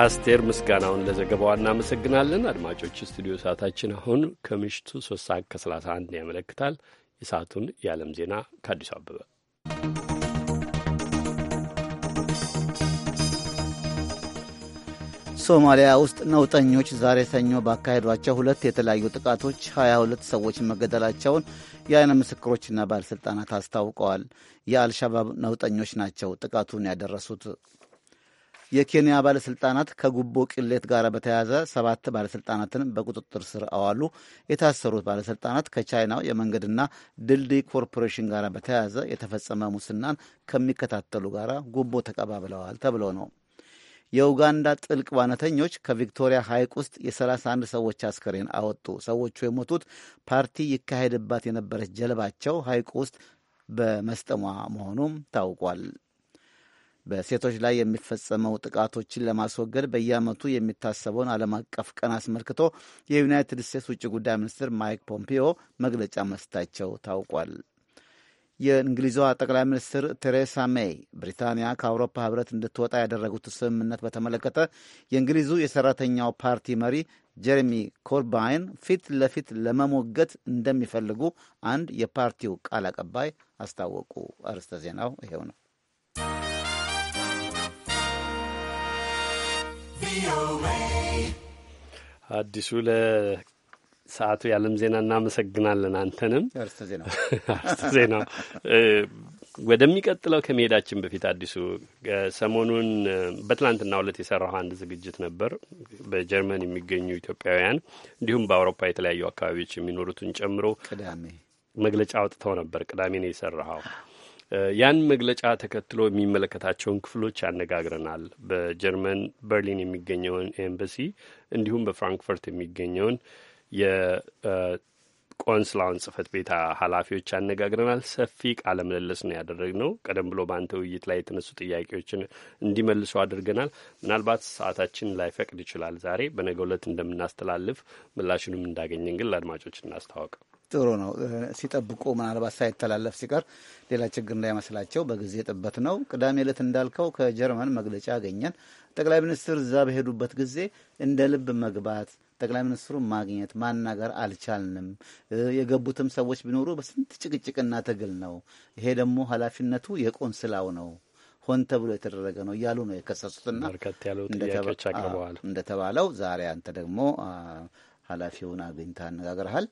አስቴር ምስጋናውን ለዘገባዋ እናመሰግናለን። አድማጮች ስቱዲዮ ሰዓታችን አሁን ከምሽቱ ሶስት ሰዓት ከሰላሳ አንድ ያመለክታል። የሰዓቱን የዓለም ዜና ከአዲሱ አበበ ሶማሊያ ውስጥ ነውጠኞች ዛሬ ሰኞ ባካሄዷቸው ሁለት የተለያዩ ጥቃቶች 22 ሰዎች መገደላቸውን የአይነ ምስክሮችና ባለሥልጣናት አስታውቀዋል። የአልሻባብ ነውጠኞች ናቸው ጥቃቱን ያደረሱት። የኬንያ ባለሥልጣናት ከጉቦ ቅሌት ጋር በተያያዘ ሰባት ባለሥልጣናትን በቁጥጥር ስር አዋሉ። የታሰሩት ባለሥልጣናት ከቻይናው የመንገድና ድልድይ ኮርፖሬሽን ጋር በተያያዘ የተፈጸመ ሙስናን ከሚከታተሉ ጋር ጉቦ ተቀባብለዋል ተብሎ ነው። የኡጋንዳ ጥልቅ ዋናተኞች ከቪክቶሪያ ሐይቅ ውስጥ የ31 ሰዎች አስከሬን አወጡ። ሰዎቹ የሞቱት ፓርቲ ይካሄድባት የነበረች ጀልባቸው ሐይቁ ውስጥ በመስጠሟ መሆኑም ታውቋል። በሴቶች ላይ የሚፈጸመው ጥቃቶችን ለማስወገድ በየዓመቱ የሚታሰበውን ዓለም አቀፍ ቀን አስመልክቶ የዩናይትድ ስቴትስ ውጭ ጉዳይ ሚኒስትር ማይክ ፖምፒዮ መግለጫ መስታቸው ታውቋል። የእንግሊዟ ጠቅላይ ሚኒስትር ቴሬሳ ሜይ ብሪታንያ ከአውሮፓ ህብረት እንድትወጣ ያደረጉት ስምምነት በተመለከተ የእንግሊዙ የሰራተኛው ፓርቲ መሪ ጀሬሚ ኮርባይን ፊት ለፊት ለመሞገት እንደሚፈልጉ አንድ የፓርቲው ቃል አቀባይ አስታወቁ። አርስተ ዜናው ይሄው ነው። አዲሱ ለሰዓቱ የዓለም ዜና እናመሰግናለን። አንተንም አርስተ ዜና ወደሚቀጥለው ከመሄዳችን በፊት አዲሱ ሰሞኑን በትላንትና ዕለት የሰራው አንድ ዝግጅት ነበር። በጀርመን የሚገኙ ኢትዮጵያውያን እንዲሁም በአውሮፓ የተለያዩ አካባቢዎች የሚኖሩትን ጨምሮ መግለጫ አውጥተው ነበር። ቅዳሜ ነው የሰራኸው። ያን መግለጫ ተከትሎ የሚመለከታቸውን ክፍሎች ያነጋግረናል። በጀርመን በርሊን የሚገኘውን ኤምባሲ እንዲሁም በፍራንክፈርት የሚገኘውን የቆንስላውን ጽህፈት ቤት ኃላፊዎች ያነጋግረናል። ሰፊ ቃለ ምልልስ ነው ያደረግነው። ቀደም ብሎ በአንተ ውይይት ላይ የተነሱ ጥያቄዎችን እንዲመልሱ አድርገናል። ምናልባት ሰዓታችን ላይፈቅድ ይችላል ዛሬ። በነገው ዕለት እንደምናስተላልፍ ምላሹንም እንዳገኘን ግን ለአድማጮች እናስታወቅ። ጥሩ ነው። ሲጠብቁ ምናልባት ሳይተላለፍ ሲቀር ሌላ ችግር እንዳይመስላቸው በጊዜ ጥበት ነው። ቅዳሜ ዕለት እንዳልከው ከጀርመን መግለጫ አገኘን። ጠቅላይ ሚኒስትር እዛ በሄዱበት ጊዜ እንደ ልብ መግባት ጠቅላይ ሚኒስትሩ ማግኘት ማናገር አልቻልንም። የገቡትም ሰዎች ቢኖሩ በስንት ጭቅጭቅና ትግል ነው። ይሄ ደግሞ ኃላፊነቱ የቆንስላው ነው ሆን ተብሎ የተደረገ ነው እያሉ ነው የከሰሱትና በርከት ያሉ ጥያቄዎች አቅርበዋል። እንደተባለው ዛሬ አንተ ደግሞ ኃላፊውን አግኝታ አነጋግረሃል።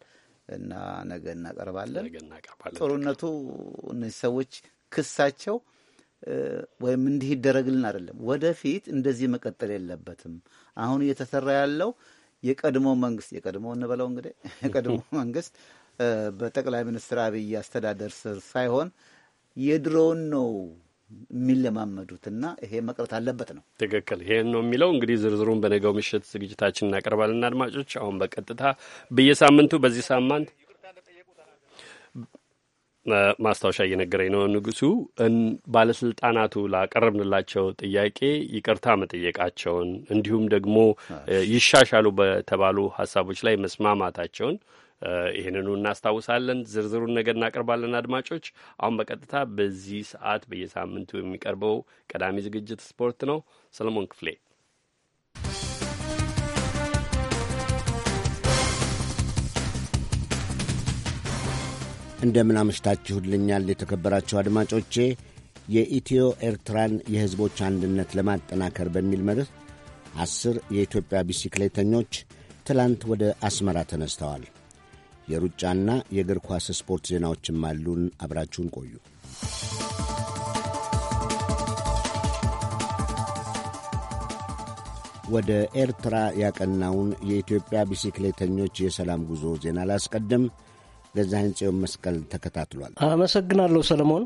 እና ነገ እናቀርባለን። ጥሩነቱ እነዚህ ሰዎች ክሳቸው ወይም እንዲህ ይደረግልን አይደለም፣ ወደፊት እንደዚህ መቀጠል የለበትም። አሁን እየተሰራ ያለው የቀድሞ መንግስት የቀድሞ እንበለው እንግዲህ የቀድሞ መንግስት በጠቅላይ ሚኒስትር አብይ አስተዳደር ስር ሳይሆን የድሮውን ነው የሚለማመዱትና ይሄ መቅረት አለበት ነው። ትክክል። ይሄን ነው የሚለው እንግዲህ ዝርዝሩን በነገው ምሽት ዝግጅታችን እናቀርባለን። አድማጮች፣ አሁን በቀጥታ በየሳምንቱ በዚህ ሳምንት ማስታወሻ እየነገረኝ ነው ንጉሱ። ባለስልጣናቱ ላቀረብንላቸው ጥያቄ ይቅርታ መጠየቃቸውን እንዲሁም ደግሞ ይሻሻሉ በተባሉ ሀሳቦች ላይ መስማማታቸውን ይህንኑ እናስታውሳለን። ዝርዝሩን ነገር እናቀርባለን። አድማጮች፣ አሁን በቀጥታ በዚህ ሰዓት በየሳምንቱ የሚቀርበው ቀዳሚ ዝግጅት ስፖርት ነው። ሰለሞን ክፍሌ እንደምን የተከበራቸው የተከበራችሁ አድማጮቼ የኢትዮ ኤርትራን የሕዝቦች አንድነት ለማጠናከር በሚል መርህ አስር የኢትዮጵያ ቢሲክሌተኞች ትላንት ወደ አስመራ ተነስተዋል። የሩጫና የእግር ኳስ ስፖርት ዜናዎችም አሉን። አብራችሁን ቆዩ። ወደ ኤርትራ ያቀናውን የኢትዮጵያ ቢሲክሌተኞች የሰላም ጉዞ ዜና ላስቀድም። ገዛኸኝ ጽዮን መስቀል ተከታትሏል። አመሰግናለሁ ሰለሞን።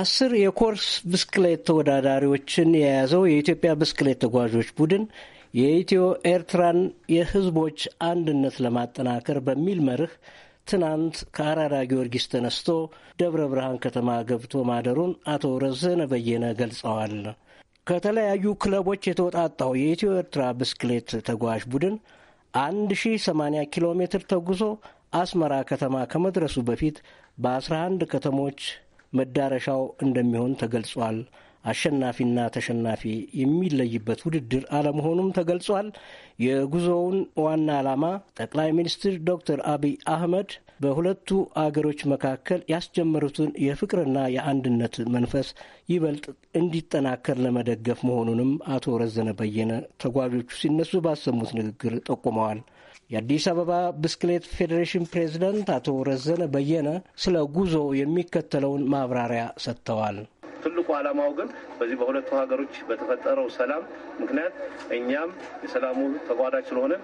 አስር የኮርስ ብስክሌት ተወዳዳሪዎችን የያዘው የኢትዮጵያ ብስክሌት ተጓዦች ቡድን የኢትዮ ኤርትራን የህዝቦች አንድነት ለማጠናከር በሚል መርህ ትናንት ከአራዳ ጊዮርጊስ ተነስቶ ደብረ ብርሃን ከተማ ገብቶ ማደሩን አቶ ረዘነ በየነ ገልጸዋል። ከተለያዩ ክለቦች የተወጣጣው የኢትዮ ኤርትራ ብስክሌት ተጓዥ ቡድን 1080 ኪሎ ሜትር ተጉዞ አስመራ ከተማ ከመድረሱ በፊት በ11 ከተሞች መዳረሻው እንደሚሆን ተገልጿል። አሸናፊና ተሸናፊ የሚለይበት ውድድር አለመሆኑም ተገልጿል። የጉዞውን ዋና ዓላማ ጠቅላይ ሚኒስትር ዶክተር አብይ አህመድ በሁለቱ አገሮች መካከል ያስጀመሩትን የፍቅርና የአንድነት መንፈስ ይበልጥ እንዲጠናከር ለመደገፍ መሆኑንም አቶ ረዘነ በየነ ተጓዦቹ ሲነሱ ባሰሙት ንግግር ጠቁመዋል። የአዲስ አበባ ብስክሌት ፌዴሬሽን ፕሬዝዳንት አቶ ረዘነ በየነ ስለ ጉዞ የሚከተለውን ማብራሪያ ሰጥተዋል። ትልቁ ዓላማው ግን በዚህ በሁለቱ ሀገሮች በተፈጠረው ሰላም ምክንያት እኛም የሰላሙ ተጓዳጅ ስለሆነ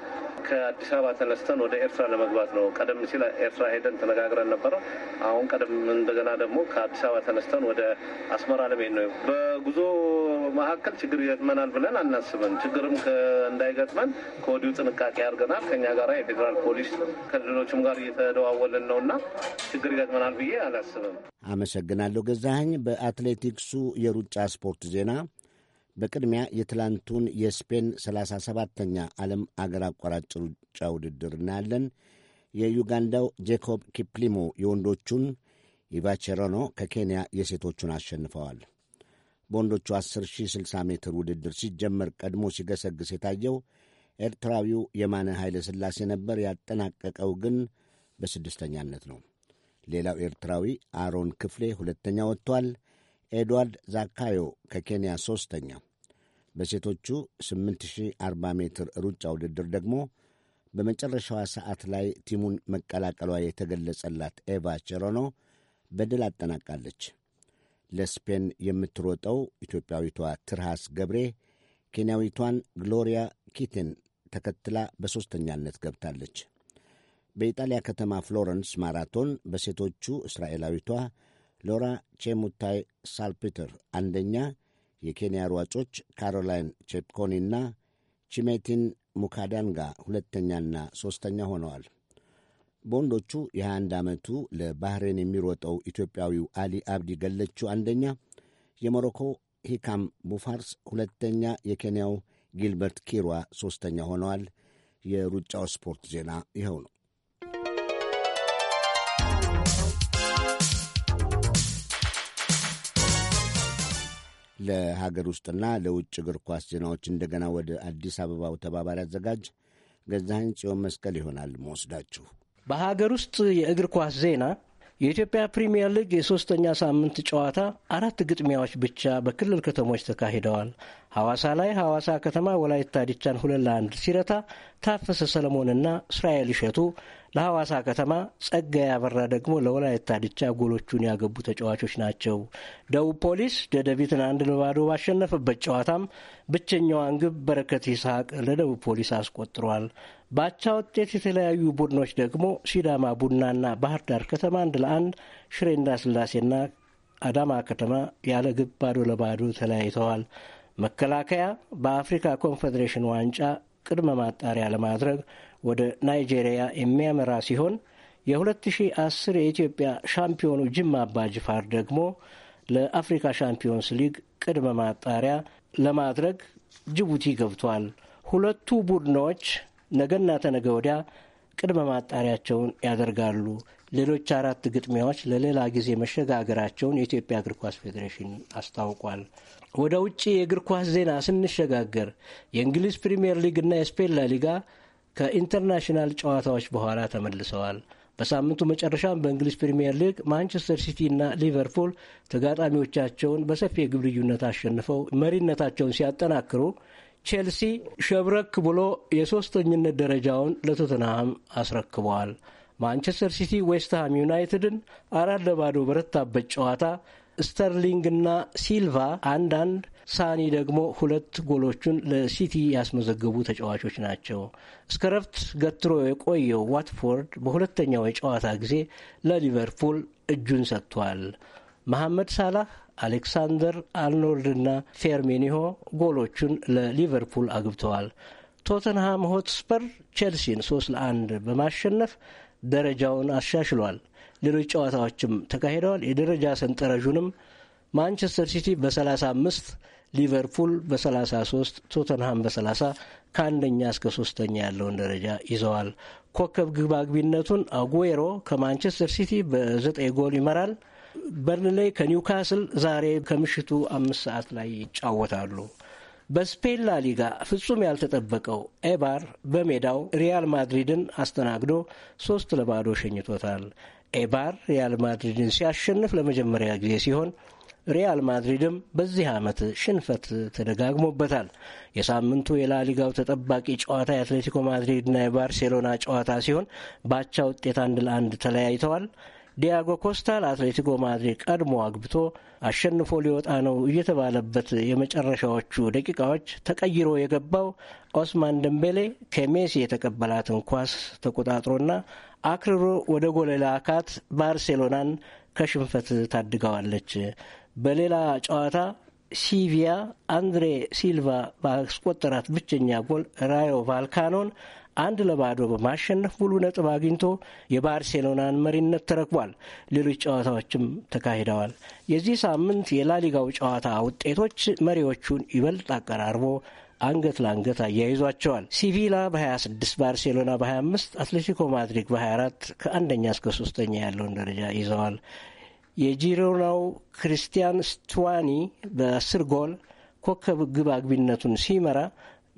ከአዲስ አበባ ተነስተን ወደ ኤርትራ ለመግባት ነው። ቀደም ሲል ኤርትራ ሄደን ተነጋግረን ነበረ። አሁን ቀደም እንደገና ደግሞ ከአዲስ አበባ ተነስተን ወደ አስመራ ለመሄድ ነው። በጉዞ መካከል ችግር ይገጥመናል ብለን አናስብም። ችግርም እንዳይገጥመን ከወዲሁ ጥንቃቄ አድርገናል። ከኛ ጋር የፌዴራል ፖሊስ ከሌሎችም ጋር እየተደዋወልን ነው እና ችግር ይገጥመናል ብዬ አላስብም። አመሰግናለሁ ገዛኸኝ። በአትሌቲክሱ የሩጫ ስፖርት ዜና በቅድሚያ የትላንቱን የስፔን 37ተኛ ዓለም አገር አቋራጭ ሩጫ ውድድር እናያለን። የዩጋንዳው ጄኮብ ኪፕሊሞ የወንዶቹን፣ ኢቫቸሮኖ ከኬንያ የሴቶቹን አሸንፈዋል። በወንዶቹ 10,060 ሜትር ውድድር ሲጀመር ቀድሞ ሲገሰግስ የታየው ኤርትራዊው የማነ ኃይለ ሥላሴ ነበር። ያጠናቀቀው ግን በስድስተኛነት ነው። ሌላው ኤርትራዊ አሮን ክፍሌ ሁለተኛ ወጥቷል። ኤድዋርድ ዛካዮ ከኬንያ ሦስተኛ፣ በሴቶቹ 8040 ሜትር ሩጫ ውድድር ደግሞ በመጨረሻዋ ሰዓት ላይ ቲሙን መቀላቀሏ የተገለጸላት ኤቫ ቼሮኖ በድል አጠናቃለች። ለስፔን የምትሮጠው ኢትዮጵያዊቷ ትርሃስ ገብሬ ኬንያዊቷን ግሎሪያ ኪቴን ተከትላ በሦስተኛነት ገብታለች። በኢጣሊያ ከተማ ፍሎረንስ ማራቶን በሴቶቹ እስራኤላዊቷ ሎራ ቼሙታይ ሳልፒተር አንደኛ፣ የኬንያ ሯጮች ካሮላይን ቼፕኮኒና ቺሜቲን ሙካዳንጋ ሁለተኛና ሦስተኛ ሆነዋል። በወንዶቹ የ21 ዓመቱ ለባህሬን የሚሮጠው ኢትዮጵያዊው አሊ አብዲ ገለቹ አንደኛ፣ የሞሮኮ ሂካም ቡፋርስ ሁለተኛ፣ የኬንያው ጊልበርት ኪሯ ሦስተኛ ሆነዋል። የሩጫው ስፖርት ዜና ይኸው ነው። ለሀገር ውስጥና ለውጭ እግር ኳስ ዜናዎች እንደገና ወደ አዲስ አበባው ተባባሪ አዘጋጅ ገዛኸኝ ጽዮን መስቀል ይሆናል መወስዳችሁ። በሀገር ውስጥ የእግር ኳስ ዜና የኢትዮጵያ ፕሪምየር ሊግ የሶስተኛ ሳምንት ጨዋታ አራት ግጥሚያዎች ብቻ በክልል ከተሞች ተካሂደዋል። ሐዋሳ ላይ ሐዋሳ ከተማ ወላይታ ዲቻን ሁለት ለአንድ ሲረታ ታፈሰ ሰለሞንና እስራኤል ይሸቱ ለሐዋሳ ከተማ ጸጋ ያበራ ደግሞ ለወላይታ ድቻ ጎሎቹን ያገቡ ተጫዋቾች ናቸው። ደቡብ ፖሊስ ደደቢትን አንድ ለባዶ ባሸነፈበት ጨዋታም ብቸኛዋን ግብ በረከት ይስሐቅ ለደቡብ ፖሊስ አስቆጥሯል። በአቻ ውጤት የተለያዩ ቡድኖች ደግሞ ሲዳማ ቡናና ባህር ዳር ከተማ አንድ ለአንድ፣ ሽሬ ስላሴና አዳማ ከተማ ያለ ግብ ባዶ ለባዶ ተለያይተዋል። መከላከያ በአፍሪካ ኮንፌዴሬሽን ዋንጫ ቅድመ ማጣሪያ ለማድረግ ወደ ናይጄሪያ የሚያመራ ሲሆን የ2010 የኢትዮጵያ ሻምፒዮኑ ጅማ አባጅፋር ደግሞ ለአፍሪካ ሻምፒዮንስ ሊግ ቅድመ ማጣሪያ ለማድረግ ጅቡቲ ገብቷል። ሁለቱ ቡድኖች ነገና ተነገ ወዲያ ቅድመ ማጣሪያቸውን ያደርጋሉ። ሌሎች አራት ግጥሚያዎች ለሌላ ጊዜ መሸጋገራቸውን የኢትዮጵያ እግር ኳስ ፌዴሬሽን አስታውቋል። ወደ ውጭ የእግር ኳስ ዜና ስንሸጋገር የእንግሊዝ ፕሪምየር ሊግና የስፔን ላሊጋ ከኢንተርናሽናል ጨዋታዎች በኋላ ተመልሰዋል። በሳምንቱ መጨረሻም በእንግሊዝ ፕሪምየር ሊግ ማንቸስተር እና ሊቨርፑል ተጋጣሚዎቻቸውን በሰፊ የግብ ልዩነት አሸንፈው መሪነታቸውን ሲያጠናክሩ ቼልሲ ሸብረክ ብሎ የሶስተኝነት ደረጃውን ለቶተንሃም አስረክበዋል። ማንቸስተር ሲቲ ዌስትሃም ዩናይትድን አራት ለባዶ በረታበት ጨዋታ ስተርሊንግና ሲልቫ አንዳንድ ሳኒ ደግሞ ሁለት ጎሎቹን ለሲቲ ያስመዘገቡ ተጫዋቾች ናቸው። እስከ ረፍት ገትሮ የቆየው ዋትፎርድ በሁለተኛው የጨዋታ ጊዜ ለሊቨርፑል እጁን ሰጥቷል። መሐመድ ሳላህ፣ አሌክሳንደር አርኖልድና ፌርሚኒሆ ጎሎቹን ለሊቨርፑል አግብተዋል። ቶተንሃም ሆትስፐር ቼልሲን ሶስት ለአንድ በማሸነፍ ደረጃውን አሻሽሏል። ሌሎች ጨዋታዎችም ተካሂደዋል። የደረጃ ሰንጠረዡንም ማንቸስተር ሲቲ በ35 ሊቨርፑል በ33 ቶተንሃም በ30 ከአንደኛ እስከ ሶስተኛ ያለውን ደረጃ ይዘዋል። ኮከብ ግባግቢነቱን አጉዌሮ ከማንቸስተር ሲቲ በዘጠኝ ጎል ይመራል። በርንሌይ ከኒውካስል ዛሬ ከምሽቱ አምስት ሰዓት ላይ ይጫወታሉ። በስፔን ላሊጋ ፍጹም ያልተጠበቀው ኤባር በሜዳው ሪያል ማድሪድን አስተናግዶ ሶስት ለባዶ ሸኝቶታል። ኤባር ሪያል ማድሪድን ሲያሸንፍ ለመጀመሪያ ጊዜ ሲሆን ሪያል ማድሪድም በዚህ ዓመት ሽንፈት ተደጋግሞበታል። የሳምንቱ የላሊጋው ተጠባቂ ጨዋታ የአትሌቲኮ ማድሪድና የባርሴሎና ጨዋታ ሲሆን በአቻ ውጤት አንድ ለአንድ ተለያይተዋል። ዲያጎ ኮስታ ለአትሌቲኮ ማድሪድ ቀድሞ አግብቶ አሸንፎ ሊወጣ ነው እየተባለበት የመጨረሻዎቹ ደቂቃዎች ተቀይሮ የገባው ኦስማን ደምቤሌ ከሜሲ የተቀበላትን ኳስ ተቆጣጥሮና አክርሮ ወደ ጎል ለአካት ባርሴሎናን ከሽንፈት ታድገዋለች። በሌላ ጨዋታ ሲቪያ አንድሬ ሲልቫ ባስቆጠራት ብቸኛ ጎል ራዮ ቫልካኖን አንድ ለባዶ በማሸነፍ ሙሉ ነጥብ አግኝቶ የባርሴሎናን መሪነት ተረክቧል። ሌሎች ጨዋታዎችም ተካሂደዋል። የዚህ ሳምንት የላሊጋው ጨዋታ ውጤቶች መሪዎቹን ይበልጥ አቀራርቦ አንገት ለአንገት አያይዟቸዋል። ሲቪላ በ26 ባርሴሎና በ25 አትሌቲኮ ማድሪድ በ24 ከአንደኛ እስከ ሶስተኛ ያለውን ደረጃ ይዘዋል። የጂሮናው ክርስቲያን ስቱዋኒ በአስር ጎል ኮከብ ግብ አግቢነቱን ሲመራ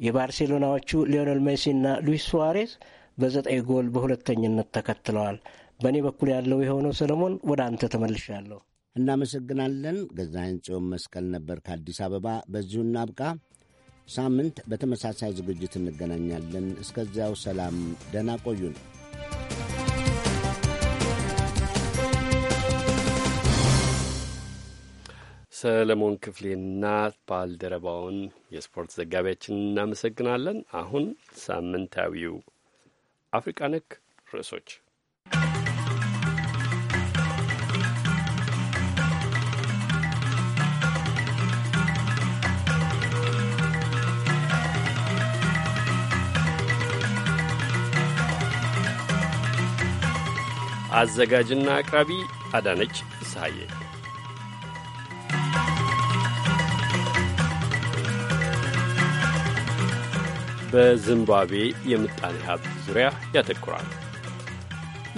የባርሴሎናዎቹ ሊዮኔል ሜሲና ሉዊስ ሱዋሬዝ በዘጠኝ ጎል በሁለተኝነት ተከትለዋል። በእኔ በኩል ያለው የሆነው ሰለሞን ወደ አንተ ተመልሻለሁ። እናመሰግናለን። ገዛኸኝ ጽዮን መስቀል ነበር ከአዲስ አበባ። በዚሁ እናብቃ። ሳምንት በተመሳሳይ ዝግጅት እንገናኛለን። እስከዚያው ሰላም፣ ደህና ነው። ሰለሞን ክፍሌና ባልደረባውን የስፖርት ዘጋቢያችን እናመሰግናለን። አሁን ሳምንታዊው አፍሪቃ ነክ ርዕሶች አዘጋጅና አቅራቢ አዳነች ሳዬ በዚምባብዌ የምጣኔ ሀብት ዙሪያ ያተኩራል።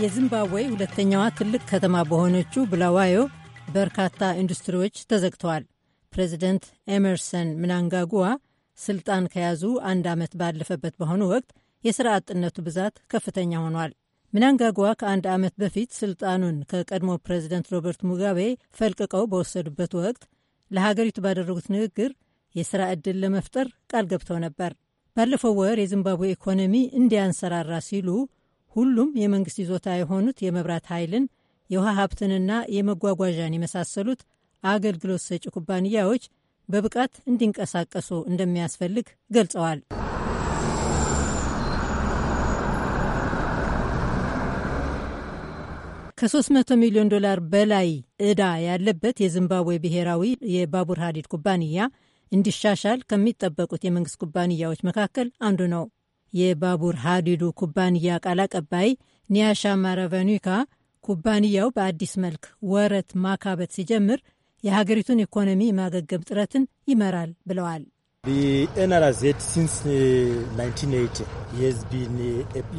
የዚምባብዌ ሁለተኛዋ ትልቅ ከተማ በሆነችው ብላዋዮ በርካታ ኢንዱስትሪዎች ተዘግተዋል። ፕሬዚደንት ኤመርሰን ምናንጋጉዋ ስልጣን ከያዙ አንድ ዓመት ባለፈበት በሆኑ ወቅት የሥራ አጥነቱ ብዛት ከፍተኛ ሆኗል። ምናንጋጉዋ ከአንድ ዓመት በፊት ስልጣኑን ከቀድሞ ፕሬዚደንት ሮበርት ሙጋቤ ፈልቅቀው በወሰዱበት ወቅት ለሀገሪቱ ባደረጉት ንግግር የሥራ ዕድል ለመፍጠር ቃል ገብተው ነበር። ባለፈው ወር የዚምባብዌ ኢኮኖሚ እንዲያንሰራራ ሲሉ ሁሉም የመንግስት ይዞታ የሆኑት የመብራት ኃይልን፣ የውሃ ሀብትንና የመጓጓዣን የመሳሰሉት አገልግሎት ሰጪ ኩባንያዎች በብቃት እንዲንቀሳቀሱ እንደሚያስፈልግ ገልጸዋል። ከ300 ሚሊዮን ዶላር በላይ ዕዳ ያለበት የዚምባብዌ ብሔራዊ የባቡር ሀዲድ ኩባንያ እንዲሻሻል ከሚጠበቁት የመንግስት ኩባንያዎች መካከል አንዱ ነው። የባቡር ሀዲዱ ኩባንያ ቃል አቀባይ ኒያሻ ማራቫኒካ ኩባንያው በአዲስ መልክ ወረት ማካበት ሲጀምር የሀገሪቱን ኢኮኖሚ የማገገም ጥረትን ይመራል ብለዋል።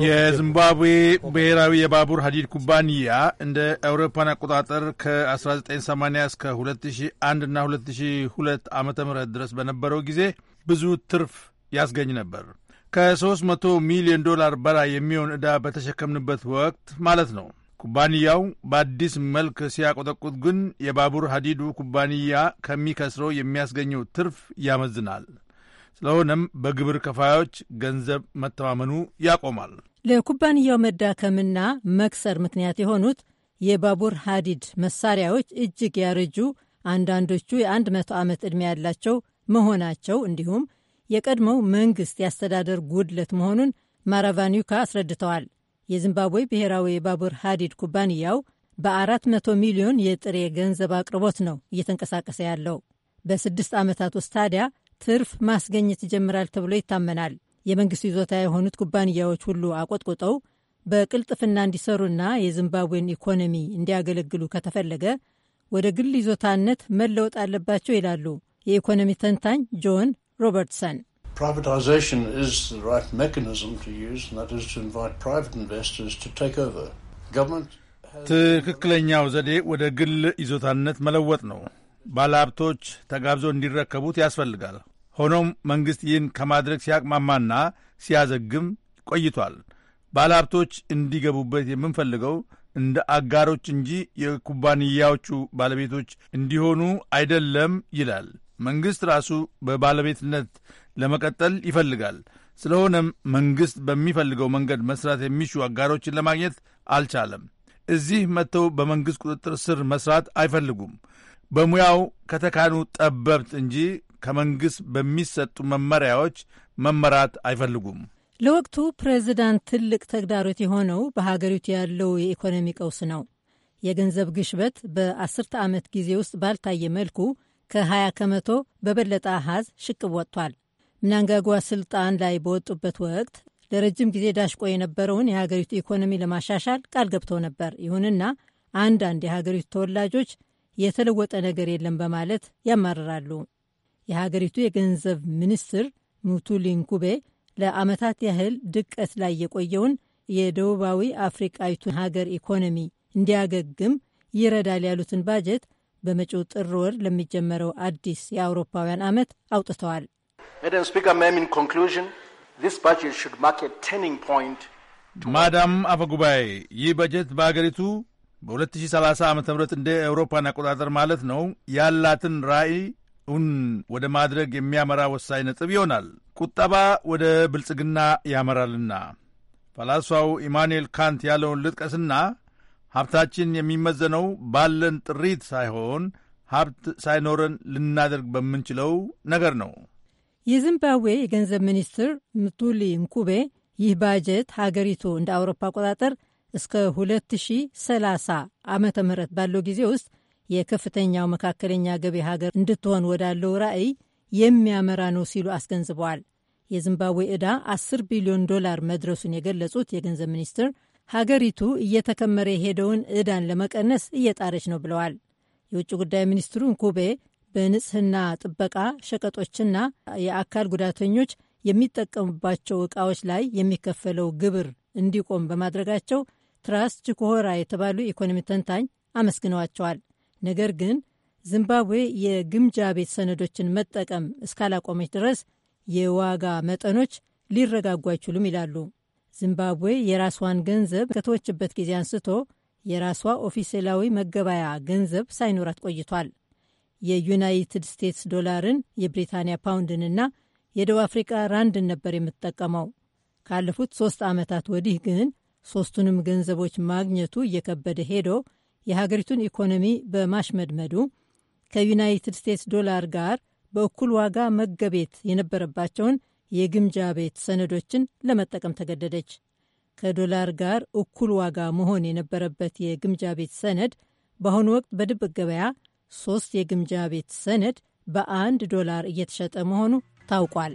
የዚምባብዌ ብሔራዊ የባቡር ሀዲድ ኩባንያ እንደ አውሮፓን አቆጣጠር ከ1980 እስከ 2001 እና 2002 ዓ ም ድረስ በነበረው ጊዜ ብዙ ትርፍ ያስገኝ ነበር። ከ300 ሚሊዮን ዶላር በላይ የሚሆን ዕዳ በተሸከምንበት ወቅት ማለት ነው። ኩባንያው በአዲስ መልክ ሲያቆጠቁት ግን የባቡር ሀዲዱ ኩባንያ ከሚከስረው የሚያስገኘው ትርፍ ያመዝናል። ስለሆነም በግብር ከፋዮች ገንዘብ መተማመኑ ያቆማል። ለኩባንያው መዳከምና መክሰር ምክንያት የሆኑት የባቡር ሀዲድ መሳሪያዎች እጅግ ያረጁ፣ አንዳንዶቹ የአንድ መቶ ዓመት ዕድሜ ያላቸው መሆናቸው እንዲሁም የቀድሞው መንግሥት ያስተዳደር ጉድለት መሆኑን ማራቫኒውካ አስረድተዋል። የዚምባብዌ ብሔራዊ የባቡር ሀዲድ ኩባንያው በ400 ሚሊዮን የጥሬ ገንዘብ አቅርቦት ነው እየተንቀሳቀሰ ያለው። በስድስት ዓመታት ውስጥ ታዲያ ትርፍ ማስገኘት ይጀምራል ተብሎ ይታመናል። የመንግስቱ ይዞታ የሆኑት ኩባንያዎች ሁሉ አቆጥቁጠው በቅልጥፍና እንዲሰሩና የዚምባብዌን ኢኮኖሚ እንዲያገለግሉ ከተፈለገ ወደ ግል ይዞታነት መለወጥ አለባቸው ይላሉ የኢኮኖሚ ተንታኝ ጆን ሮበርትሰን። Privatization is the right mechanism to use, and that is to invite private investors to take over. Government ትክክለኛው ዘዴ ወደ ግል ይዞታነት መለወጥ ነው። ባለሀብቶች ተጋብዞ እንዲረከቡት ያስፈልጋል። ሆኖም መንግሥት ይህን ከማድረግ ሲያቅማማና ሲያዘግም ቆይቷል። ባለሀብቶች እንዲገቡበት የምንፈልገው እንደ አጋሮች እንጂ የኩባንያዎቹ ባለቤቶች እንዲሆኑ አይደለም ይላል። መንግሥት ራሱ በባለቤትነት ለመቀጠል ይፈልጋል። ስለሆነም መንግሥት በሚፈልገው መንገድ መስራት የሚሹ አጋሮችን ለማግኘት አልቻለም። እዚህ መጥተው በመንግሥት ቁጥጥር ስር መስራት አይፈልጉም። በሙያው ከተካኑ ጠበብት እንጂ ከመንግሥት በሚሰጡ መመሪያዎች መመራት አይፈልጉም። ለወቅቱ ፕሬዚዳንት ትልቅ ተግዳሮት የሆነው በሀገሪቱ ያለው የኢኮኖሚ ቀውስ ነው። የገንዘብ ግሽበት በአስርተ ዓመት ጊዜ ውስጥ ባልታየ መልኩ ከ20 ከመቶ በበለጠ አሃዝ ሽቅብ ወጥቷል። ምናንጋጓ ስልጣን ላይ በወጡበት ወቅት ለረጅም ጊዜ ዳሽቆ የነበረውን የሀገሪቱ ኢኮኖሚ ለማሻሻል ቃል ገብተው ነበር። ይሁንና አንዳንድ የሀገሪቱ ተወላጆች የተለወጠ ነገር የለም በማለት ያማርራሉ። የሀገሪቱ የገንዘብ ሚኒስትር ሙቱሊ ለአመታት ለዓመታት ያህል ድቀት ላይ የቆየውን የደቡባዊ አፍሪቃዊቱን ሀገር ኢኮኖሚ እንዲያገግም ይረዳል ያሉትን ባጀት በመጪው ጥር ወር ለሚጀመረው አዲስ የአውሮፓውያን ዓመት አውጥተዋል። Madam Speaker, ma'am, in conclusion, this budget should mark a turning point. ማዳም አፈጉባኤ ይህ በጀት በአገሪቱ በ2030 ዓ ም እንደ አውሮፓን አቆጣጠር ማለት ነው ያላትን ራዕይ እውን ወደ ማድረግ የሚያመራ ወሳኝ ነጥብ ይሆናል። ቁጠባ ወደ ብልጽግና ያመራልና ፈላሷው ኢማኑኤል ካንት ያለውን ልጥቀስና ሀብታችን የሚመዘነው ባለን ጥሪት ሳይሆን ሀብት ሳይኖረን ልናደርግ በምንችለው ነገር ነው። የዚምባብዌ የገንዘብ ሚኒስትር ምቱሊ ንኩቤ ይህ ባጀት ሀገሪቱ እንደ አውሮፓ አቆጣጠር እስከ 2030 ዓመተ ምህረት ባለው ጊዜ ውስጥ የከፍተኛው መካከለኛ ገቢ ሀገር እንድትሆን ወዳለው ራዕይ የሚያመራ ነው ሲሉ አስገንዝበዋል። የዚምባብዌ ዕዳ 10 ቢሊዮን ዶላር መድረሱን የገለጹት የገንዘብ ሚኒስትር ሀገሪቱ እየተከመረ የሄደውን ዕዳን ለመቀነስ እየጣረች ነው ብለዋል። የውጭ ጉዳይ ሚኒስትሩ ንኩቤ በንጽህና ጥበቃ ሸቀጦችና የአካል ጉዳተኞች የሚጠቀሙባቸው እቃዎች ላይ የሚከፈለው ግብር እንዲቆም በማድረጋቸው ትራስ ችኮሆራ የተባሉ የኢኮኖሚ ተንታኝ አመስግነዋቸዋል። ነገር ግን ዚምባብዌ የግምጃ ቤት ሰነዶችን መጠቀም እስካላቆመች ድረስ የዋጋ መጠኖች ሊረጋጉ አይችሉም ይላሉ። ዚምባብዌ የራሷን ገንዘብ ከተወችበት ጊዜ አንስቶ የራሷ ኦፊሴላዊ መገባያ ገንዘብ ሳይኖራት ቆይቷል። የዩናይትድ ስቴትስ ዶላርን፣ የብሪታንያ ፓውንድንና የደቡብ አፍሪቃ ራንድን ነበር የምትጠቀመው። ካለፉት ሶስት ዓመታት ወዲህ ግን ሶስቱንም ገንዘቦች ማግኘቱ እየከበደ ሄዶ የሀገሪቱን ኢኮኖሚ በማሽመድመዱ ከዩናይትድ ስቴትስ ዶላር ጋር በእኩል ዋጋ መገቤት የነበረባቸውን የግምጃ ቤት ሰነዶችን ለመጠቀም ተገደደች። ከዶላር ጋር እኩል ዋጋ መሆን የነበረበት የግምጃ ቤት ሰነድ በአሁኑ ወቅት በድብቅ ገበያ ሶስት የግምጃ ቤት ሰነድ በአንድ ዶላር እየተሸጠ መሆኑ ታውቋል።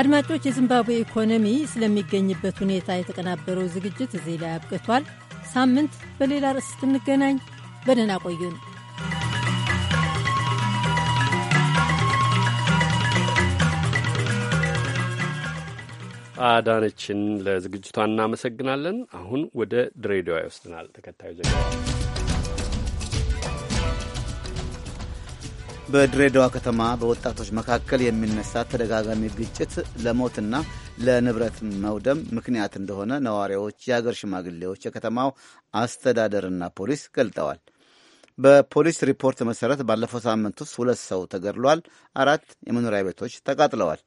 አድማጮች፣ የዚምባብዌ ኢኮኖሚ ስለሚገኝበት ሁኔታ የተቀናበረው ዝግጅት እዚህ ላይ አብቅቷል። ሳምንት በሌላ ርዕስ ትንገናኝ በደህና ቆዩን። አዳነችን ለዝግጅቷ እናመሰግናለን። አሁን ወደ ድሬዳዋ ይወስድናል ተከታዩ ዘገባ። በድሬዳዋ ከተማ በወጣቶች መካከል የሚነሳ ተደጋጋሚ ግጭት ለሞትና ለንብረት መውደም ምክንያት እንደሆነ ነዋሪዎች፣ የአገር ሽማግሌዎች፣ የከተማው አስተዳደርና ፖሊስ ገልጠዋል። በፖሊስ ሪፖርት መሠረት ባለፈው ሳምንት ውስጥ ሁለት ሰው ተገድሏል፣ አራት የመኖሪያ ቤቶች ተቃጥለዋል።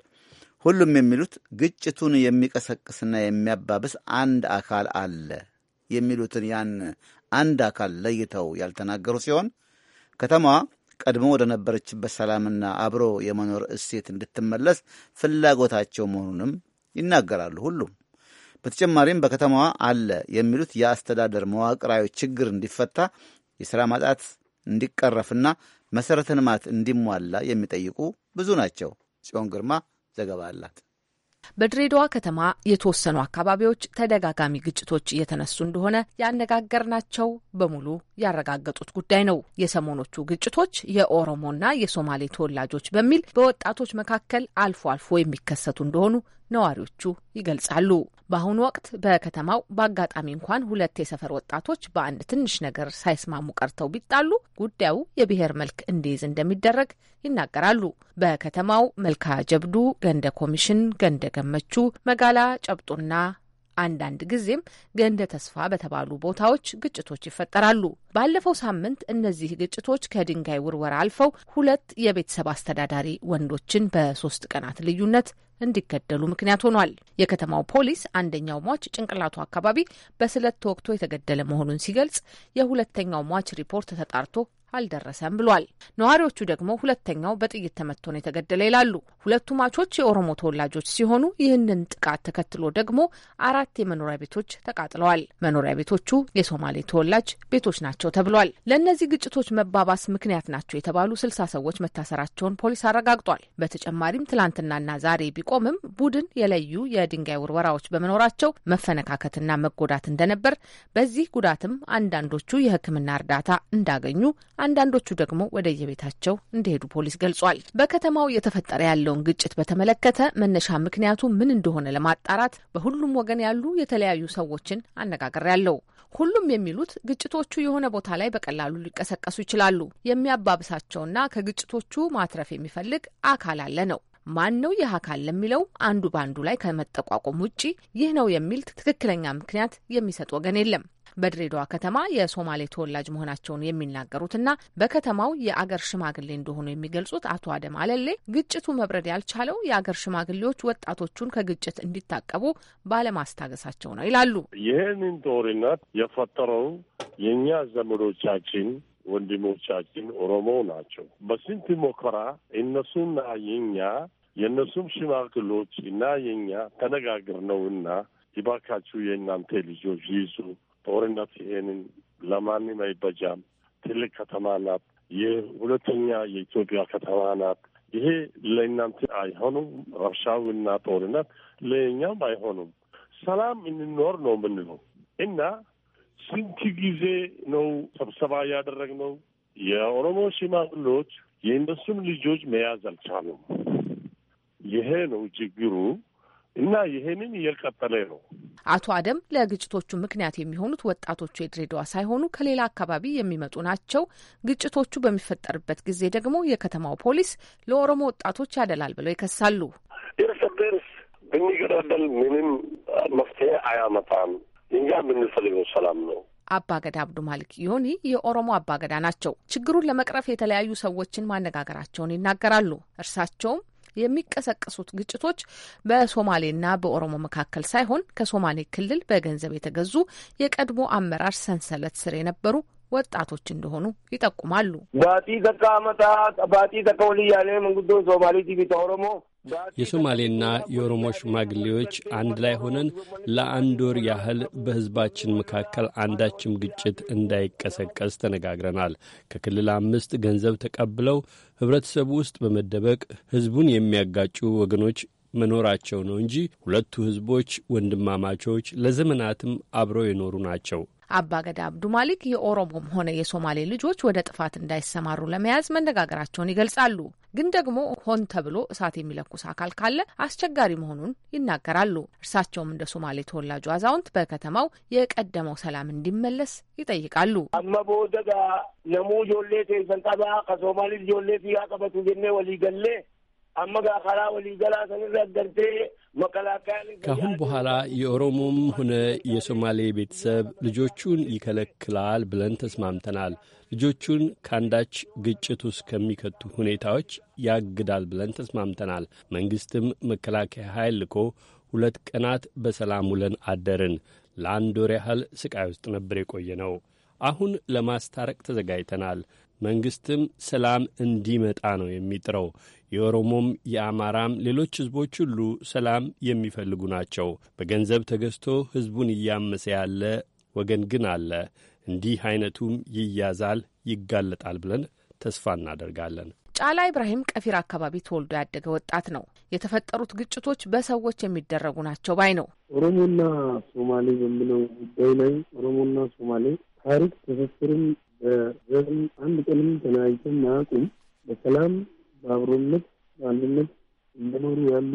ሁሉም የሚሉት ግጭቱን የሚቀሰቅስና የሚያባብስ አንድ አካል አለ የሚሉትን ያን አንድ አካል ለይተው ያልተናገሩ ሲሆን ከተማዋ ቀድሞ ወደ ነበረችበት ሰላምና አብሮ የመኖር እሴት እንድትመለስ ፍላጎታቸው መሆኑንም ይናገራሉ። ሁሉም በተጨማሪም በከተማዋ አለ የሚሉት የአስተዳደር መዋቅራዊ ችግር እንዲፈታ፣ የሥራ ማጣት እንዲቀረፍና መሠረተ ልማት እንዲሟላ የሚጠይቁ ብዙ ናቸው። ጽዮን ግርማ ዘገባ አላት። በድሬዳዋ ከተማ የተወሰኑ አካባቢዎች ተደጋጋሚ ግጭቶች እየተነሱ እንደሆነ ያነጋገርናቸው በሙሉ ያረጋገጡት ጉዳይ ነው። የሰሞኖቹ ግጭቶች የኦሮሞና የሶማሌ ተወላጆች በሚል በወጣቶች መካከል አልፎ አልፎ የሚከሰቱ እንደሆኑ ነዋሪዎቹ ይገልጻሉ። በአሁኑ ወቅት በከተማው በአጋጣሚ እንኳን ሁለት የሰፈር ወጣቶች በአንድ ትንሽ ነገር ሳይስማሙ ቀርተው ቢጣሉ ጉዳዩ የብሔር መልክ እንዲይዝ እንደሚደረግ ይናገራሉ። በከተማው መልካ ጀብዱ፣ ገንደ ኮሚሽን፣ ገንደ ገመቹ፣ መጋላ ጨብጡና አንዳንድ ጊዜም ገንደ ተስፋ በተባሉ ቦታዎች ግጭቶች ይፈጠራሉ። ባለፈው ሳምንት እነዚህ ግጭቶች ከድንጋይ ውርወራ አልፈው ሁለት የቤተሰብ አስተዳዳሪ ወንዶችን በሶስት ቀናት ልዩነት እንዲገደሉ ምክንያት ሆኗል። የከተማው ፖሊስ አንደኛው ሟች ጭንቅላቱ አካባቢ በስለት ተወቅቶ የተገደለ መሆኑን ሲገልጽ፣ የሁለተኛው ሟች ሪፖርት ተጣርቶ አልደረሰም ብሏል። ነዋሪዎቹ ደግሞ ሁለተኛው በጥይት ተመቶ ነው የተገደለ ይላሉ። ሁለቱ ማቾች የኦሮሞ ተወላጆች ሲሆኑ ይህንን ጥቃት ተከትሎ ደግሞ አራት የመኖሪያ ቤቶች ተቃጥለዋል። መኖሪያ ቤቶቹ የሶማሌ ተወላጅ ቤቶች ናቸው ተብሏል። ለእነዚህ ግጭቶች መባባስ ምክንያት ናቸው የተባሉ ስልሳ ሰዎች መታሰራቸውን ፖሊስ አረጋግጧል። በተጨማሪም ትላንትናና ዛሬ ቢቆምም ቡድን የለዩ የድንጋይ ውርወራዎች በመኖራቸው መፈነካከትና መጎዳት እንደነበር፣ በዚህ ጉዳትም አንዳንዶቹ የሕክምና እርዳታ እንዳገኙ አንዳንዶቹ ደግሞ ወደየቤታቸው እንደሄዱ ፖሊስ ገልጿል። በከተማው እየተፈጠረ ያለውን ግጭት በተመለከተ መነሻ ምክንያቱ ምን እንደሆነ ለማጣራት በሁሉም ወገን ያሉ የተለያዩ ሰዎችን አነጋገር ያለው። ሁሉም የሚሉት ግጭቶቹ የሆነ ቦታ ላይ በቀላሉ ሊቀሰቀሱ ይችላሉ። የሚያባብሳቸውና ከግጭቶቹ ማትረፍ የሚፈልግ አካል አለ ነው ማን ነው ይህ አካል ለሚለው አንዱ በአንዱ ላይ ከመጠቋቆም ውጪ ይህ ነው የሚል ትክክለኛ ምክንያት የሚሰጥ ወገን የለም። በድሬዳዋ ከተማ የሶማሌ ተወላጅ መሆናቸውን የሚናገሩትና በከተማው የአገር ሽማግሌ እንደሆኑ የሚገልጹት አቶ አደም አለሌ ግጭቱ መብረድ ያልቻለው የአገር ሽማግሌዎች ወጣቶቹን ከግጭት እንዲታቀቡ ባለማስታገሳቸው ነው ይላሉ። ይህንን ጦርነት የፈጠረው የእኛ ዘመዶቻችን ወንድሞቻችን ኦሮሞ ናቸው። በስንት ሞከራ እነሱና የኛ የእነሱም ሽማግሎች እና የኛ ተነጋግር ነውና ይባካችሁ የእናንተ ልጆች ይዙ ጦርነት ይሄንን ለማንም አይበጃም። ትልቅ ከተማ ናት። የሁለተኛ የኢትዮጵያ ከተማ ናት። ይሄ ለእናንተ አይሆኑም። ረብሻውና ጦርነት ለእኛም አይሆኑም። ሰላም እንኖር ነው የምንለው እና ስንት ጊዜ ነው ስብሰባ ያደረግነው? የኦሮሞ ሽማግሎች የእነሱም ልጆች መያዝ አልቻሉም። ይሄ ነው ችግሩ። እና ይሄንን እየቀጠለ ነው። አቶ አደም ለግጭቶቹ ምክንያት የሚሆኑት ወጣቶቹ የድሬዳዋ ሳይሆኑ ከሌላ አካባቢ የሚመጡ ናቸው። ግጭቶቹ በሚፈጠርበት ጊዜ ደግሞ የከተማው ፖሊስ ለኦሮሞ ወጣቶች ያደላል ብለው ይከሳሉ። እርስ በርስ ብንገዳደል ምንም መፍትሄ አያመጣም። እኛ የምንፈልገው ሰላም ነው። አባገዳ አብዱ ማሊክ ዮኒ የኦሮሞ አባገዳ ናቸው። ችግሩን ለመቅረፍ የተለያዩ ሰዎችን ማነጋገራቸውን ይናገራሉ። እርሳቸውም የሚቀሰቀሱት ግጭቶች በሶማሌና በኦሮሞ መካከል ሳይሆን ከሶማሌ ክልል በገንዘብ የተገዙ የቀድሞ አመራር ሰንሰለት ስር የነበሩ ወጣቶች እንደሆኑ ይጠቁማሉ። የሶማሌና የኦሮሞ ሽማግሌዎች አንድ ላይ ሆነን ለአንድ ወር ያህል በሕዝባችን መካከል አንዳችም ግጭት እንዳይቀሰቀስ ተነጋግረናል። ከክልል አምስት ገንዘብ ተቀብለው ህብረተሰቡ ውስጥ በመደበቅ ሕዝቡን የሚያጋጩ ወገኖች መኖራቸው ነው እንጂ ሁለቱ ሕዝቦች ወንድማማቾች፣ ለዘመናትም አብረው የኖሩ ናቸው። አባገዳ አብዱ ማሊክ የኦሮሞም ሆነ የሶማሌ ልጆች ወደ ጥፋት እንዳይሰማሩ ለመያዝ መነጋገራቸውን ይገልጻሉ። ግን ደግሞ ሆን ተብሎ እሳት የሚለኩስ አካል ካለ አስቸጋሪ መሆኑን ይናገራሉ። እርሳቸውም እንደ ሶማሌ ተወላጁ አዛውንት በከተማው የቀደመው ሰላም እንዲመለስ ይጠይቃሉ። አመ ነሙ ጆሌ ሰንቀባ ከሶማሌ ጆሌ ያቀበቱ ወሊገሌ ከአሁን በኋላ የኦሮሞም ሆነ የሶማሌ ቤተሰብ ልጆቹን ይከለክላል ብለን ተስማምተናል። ልጆቹን ከአንዳች ግጭት ውስጥ ከሚከቱ ሁኔታዎች ያግዳል ብለን ተስማምተናል። መንግሥትም መከላከያ ኃይል ልኮ ሁለት ቀናት በሰላም ውለን አደርን። ለአንድ ወር ያህል ስቃይ ውስጥ ነበር የቆየ ነው። አሁን ለማስታረቅ ተዘጋጅተናል። መንግስትም ሰላም እንዲመጣ ነው የሚጥረው። የኦሮሞም የአማራም ሌሎች ህዝቦች ሁሉ ሰላም የሚፈልጉ ናቸው። በገንዘብ ተገዝቶ ሕዝቡን እያመሰ ያለ ወገን ግን አለ። እንዲህ አይነቱም ይያዛል፣ ይጋለጣል ብለን ተስፋ እናደርጋለን። ጫላ ኢብራሂም ቀፊር አካባቢ ተወልዶ ያደገ ወጣት ነው። የተፈጠሩት ግጭቶች በሰዎች የሚደረጉ ናቸው ባይ ነው። ኦሮሞና ሶማሌ በምለው ጉዳይ ላይ ኦሮሞና ሶማሌ ታሪክ ትስስርም በዘርም አንድ ቀንም ተናይተን አያውቁም። በሰላም በአብሮነት በአንድነት እንደኖሩ ያሉ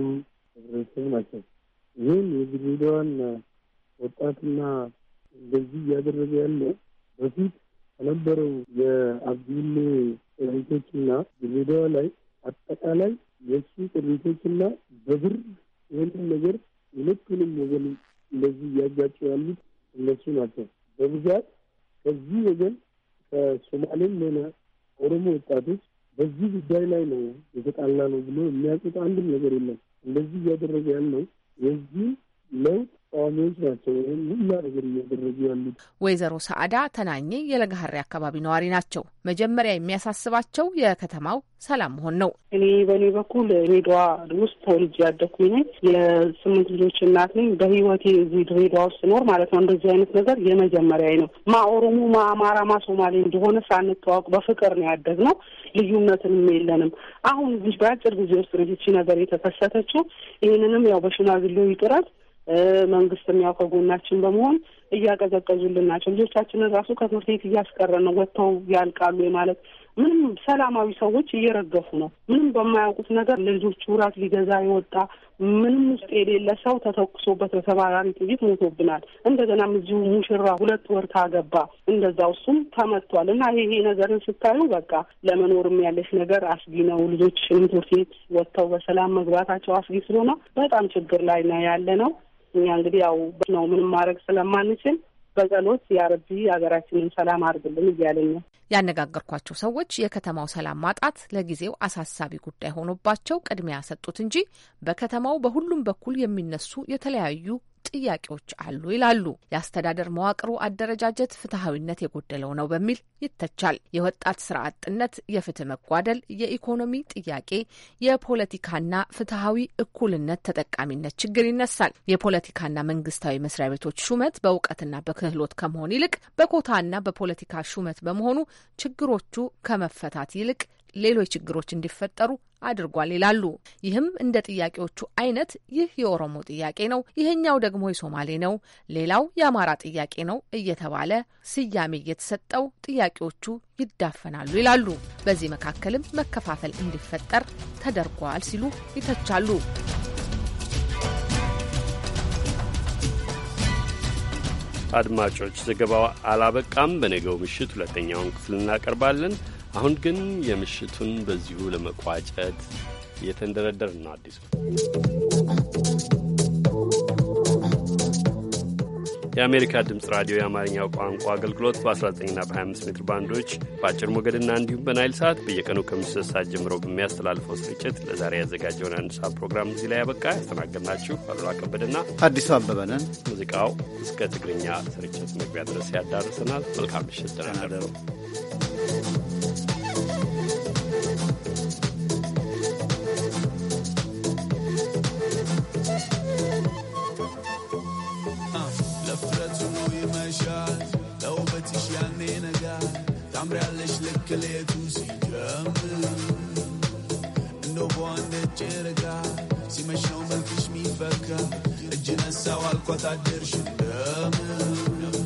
ህብረተሰብ ናቸው። ይህን የድሬዳዋን ወጣትና እንደዚህ እያደረገ ያለው በፊት ከነበረው የአብዲሌ ቅሪቶችና ድሬዳዋ ላይ አጠቃላይ የእሱ ቅሪቶችና በብር ይህንን ነገር ሁለቱንም ወገን እንደዚህ እያጋጩ ያሉት እነሱ ናቸው በብዛት ከዚህ ወገን ሶማሌም ሆነ ኦሮሞ ወጣቶች በዚህ ጉዳይ ላይ ነው የተጣላ ነው ብሎ የሚያውቁት አንድም ነገር የለም። እንደዚህ እያደረገ ያለው የዚህም ለውጥ ቋሚዎች ናቸው። ይህም ሁሉ ነገር እያደረጉ ያሉት ወይዘሮ ሰአዳ ተናኘ የለጋሀሪ አካባቢ ነዋሪ ናቸው። መጀመሪያ የሚያሳስባቸው የከተማው ሰላም መሆን ነው። እኔ በእኔ በኩል ድሬዳዋ ውስጥ ተወልጅ ያደኩኝ ነኝ። የስምንት ልጆች እናት ነኝ። በህይወቴ እዚህ ድሬዳዋ ውስጥ ኖር ማለት ነው እንደዚህ አይነት ነገር የመጀመሪያ ነው። ማ ኦሮሞ፣ ማ አማራ፣ ማ ሶማሌ እንደሆነ ሳንተዋወቅ በፍቅር ነው ያደግነው። ልዩነትንም የለንም። አሁን እዚህ በአጭር ጊዜ ውስጥ ነች ነገር የተከሰተችው። ይህንንም ያው በሽማግሌው ይጥረት መንግስት ያው በመሆን እያቀዘቀዙልን ናቸው። ልጆቻችንን ራሱ ከትምህርት ቤት እያስቀረ ነው። ወጥተው ያልቃሉ ማለት ምንም ሰላማዊ ሰዎች እየረገፉ ነው። ምንም በማያውቁት ነገር ለልጆቹ ውራት ሊገዛ የወጣ ምንም ውስጥ የሌለ ሰው ተተኩሶበት በተባራሪ ጥይት ሞቶብናል። እንደገናም እዚሁ ሙሽራ ሁለት ወር ታገባ እንደዛ እሱም ተመቷል። እና ይሄ ነገርን ስታዩ በቃ ለመኖርም ያለች ነገር አስጊ ነው። ልጆች ትምህርት ቤት ወጥተው በሰላም መግባታቸው አስጊ ስለሆነ በጣም ችግር ላይ ነው ያለ ነው። እኛ እንግዲህ ያው ነው ምንም ማድረግ ስለማንችል በጸሎት ያረቢ ሀገራችንን ሰላም አድርግልን እያለኝ ነው። ያነጋገርኳቸው ሰዎች የከተማው ሰላም ማጣት ለጊዜው አሳሳቢ ጉዳይ ሆኖባቸው ቅድሚያ ሰጡት እንጂ በከተማው በሁሉም በኩል የሚነሱ የተለያዩ ጥያቄዎች አሉ ይላሉ። የአስተዳደር መዋቅሩ አደረጃጀት ፍትሐዊነት የጎደለው ነው በሚል ይተቻል። የወጣት ስራ አጥነት፣ የፍትህ መጓደል፣ የኢኮኖሚ ጥያቄ፣ የፖለቲካና ፍትሐዊ እኩልነት ተጠቃሚነት ችግር ይነሳል። የፖለቲካና መንግስታዊ መስሪያ ቤቶች ሹመት በእውቀትና በክህሎት ከመሆን ይልቅ በኮታና በፖለቲካ ሹመት በመሆኑ ችግሮቹ ከመፈታት ይልቅ ሌሎች ችግሮች እንዲፈጠሩ አድርጓል ይላሉ። ይህም እንደ ጥያቄዎቹ አይነት ይህ የኦሮሞ ጥያቄ ነው፣ ይህኛው ደግሞ የሶማሌ ነው፣ ሌላው የአማራ ጥያቄ ነው እየተባለ ስያሜ እየተሰጠው ጥያቄዎቹ ይዳፈናሉ ይላሉ። በዚህ መካከልም መከፋፈል እንዲፈጠር ተደርጓል ሲሉ ይተቻሉ። አድማጮች፣ ዘገባው አላበቃም። በነገው ምሽት ሁለተኛውን ክፍል እናቀርባለን። አሁን ግን የምሽቱን በዚሁ ለመቋጨት እየተንደረደር ነው። አዲሱ የአሜሪካ ድምፅ ራዲዮ የአማርኛው ቋንቋ አገልግሎት በ19ና በ25 ሜትር ባንዶች በአጭር ሞገድና እንዲሁም በናይል ሰዓት በየቀኑ ከምሽቱ ሰዓት ጀምሮ በሚያስተላልፈው ስርጭት ለዛሬ ያዘጋጀውን አንድ ሰዓት ፕሮግራም እዚህ ላይ ያበቃ። ያስተናገድናችሁ አሉላ ከበደና አዲሱ አበበነን። ሙዚቃው እስከ ትግርኛ ስርጭት መግቢያ ድረስ ያዳርሰናል። መልካም ምሽት። Thank you. ታምሪያለሽ ልክ ሌቱ ሲጀምር እንደው በወንድ ጨረቃ ሲመሻው መልክሽ ሚፈካ እጅ ነሳው አልኳት አደርሽ እንደምን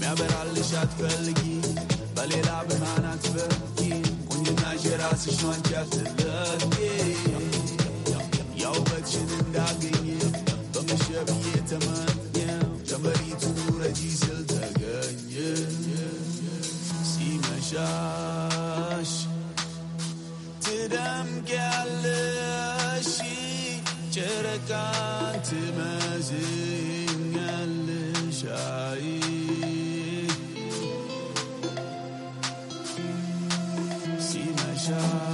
ሚያበራልሽ አትፈልጊ በሌላ ብርሃን አትበኪ ቁንጅናሽ የራስሽ ነው አንቺ አትለኪ ያው በትሽን እንዳገኘ በመሸብ ተመኘ ጀመሪቱ ረጂ ስልት چشم تدم گلشی چرکان تمزین گلشایی سیمشایی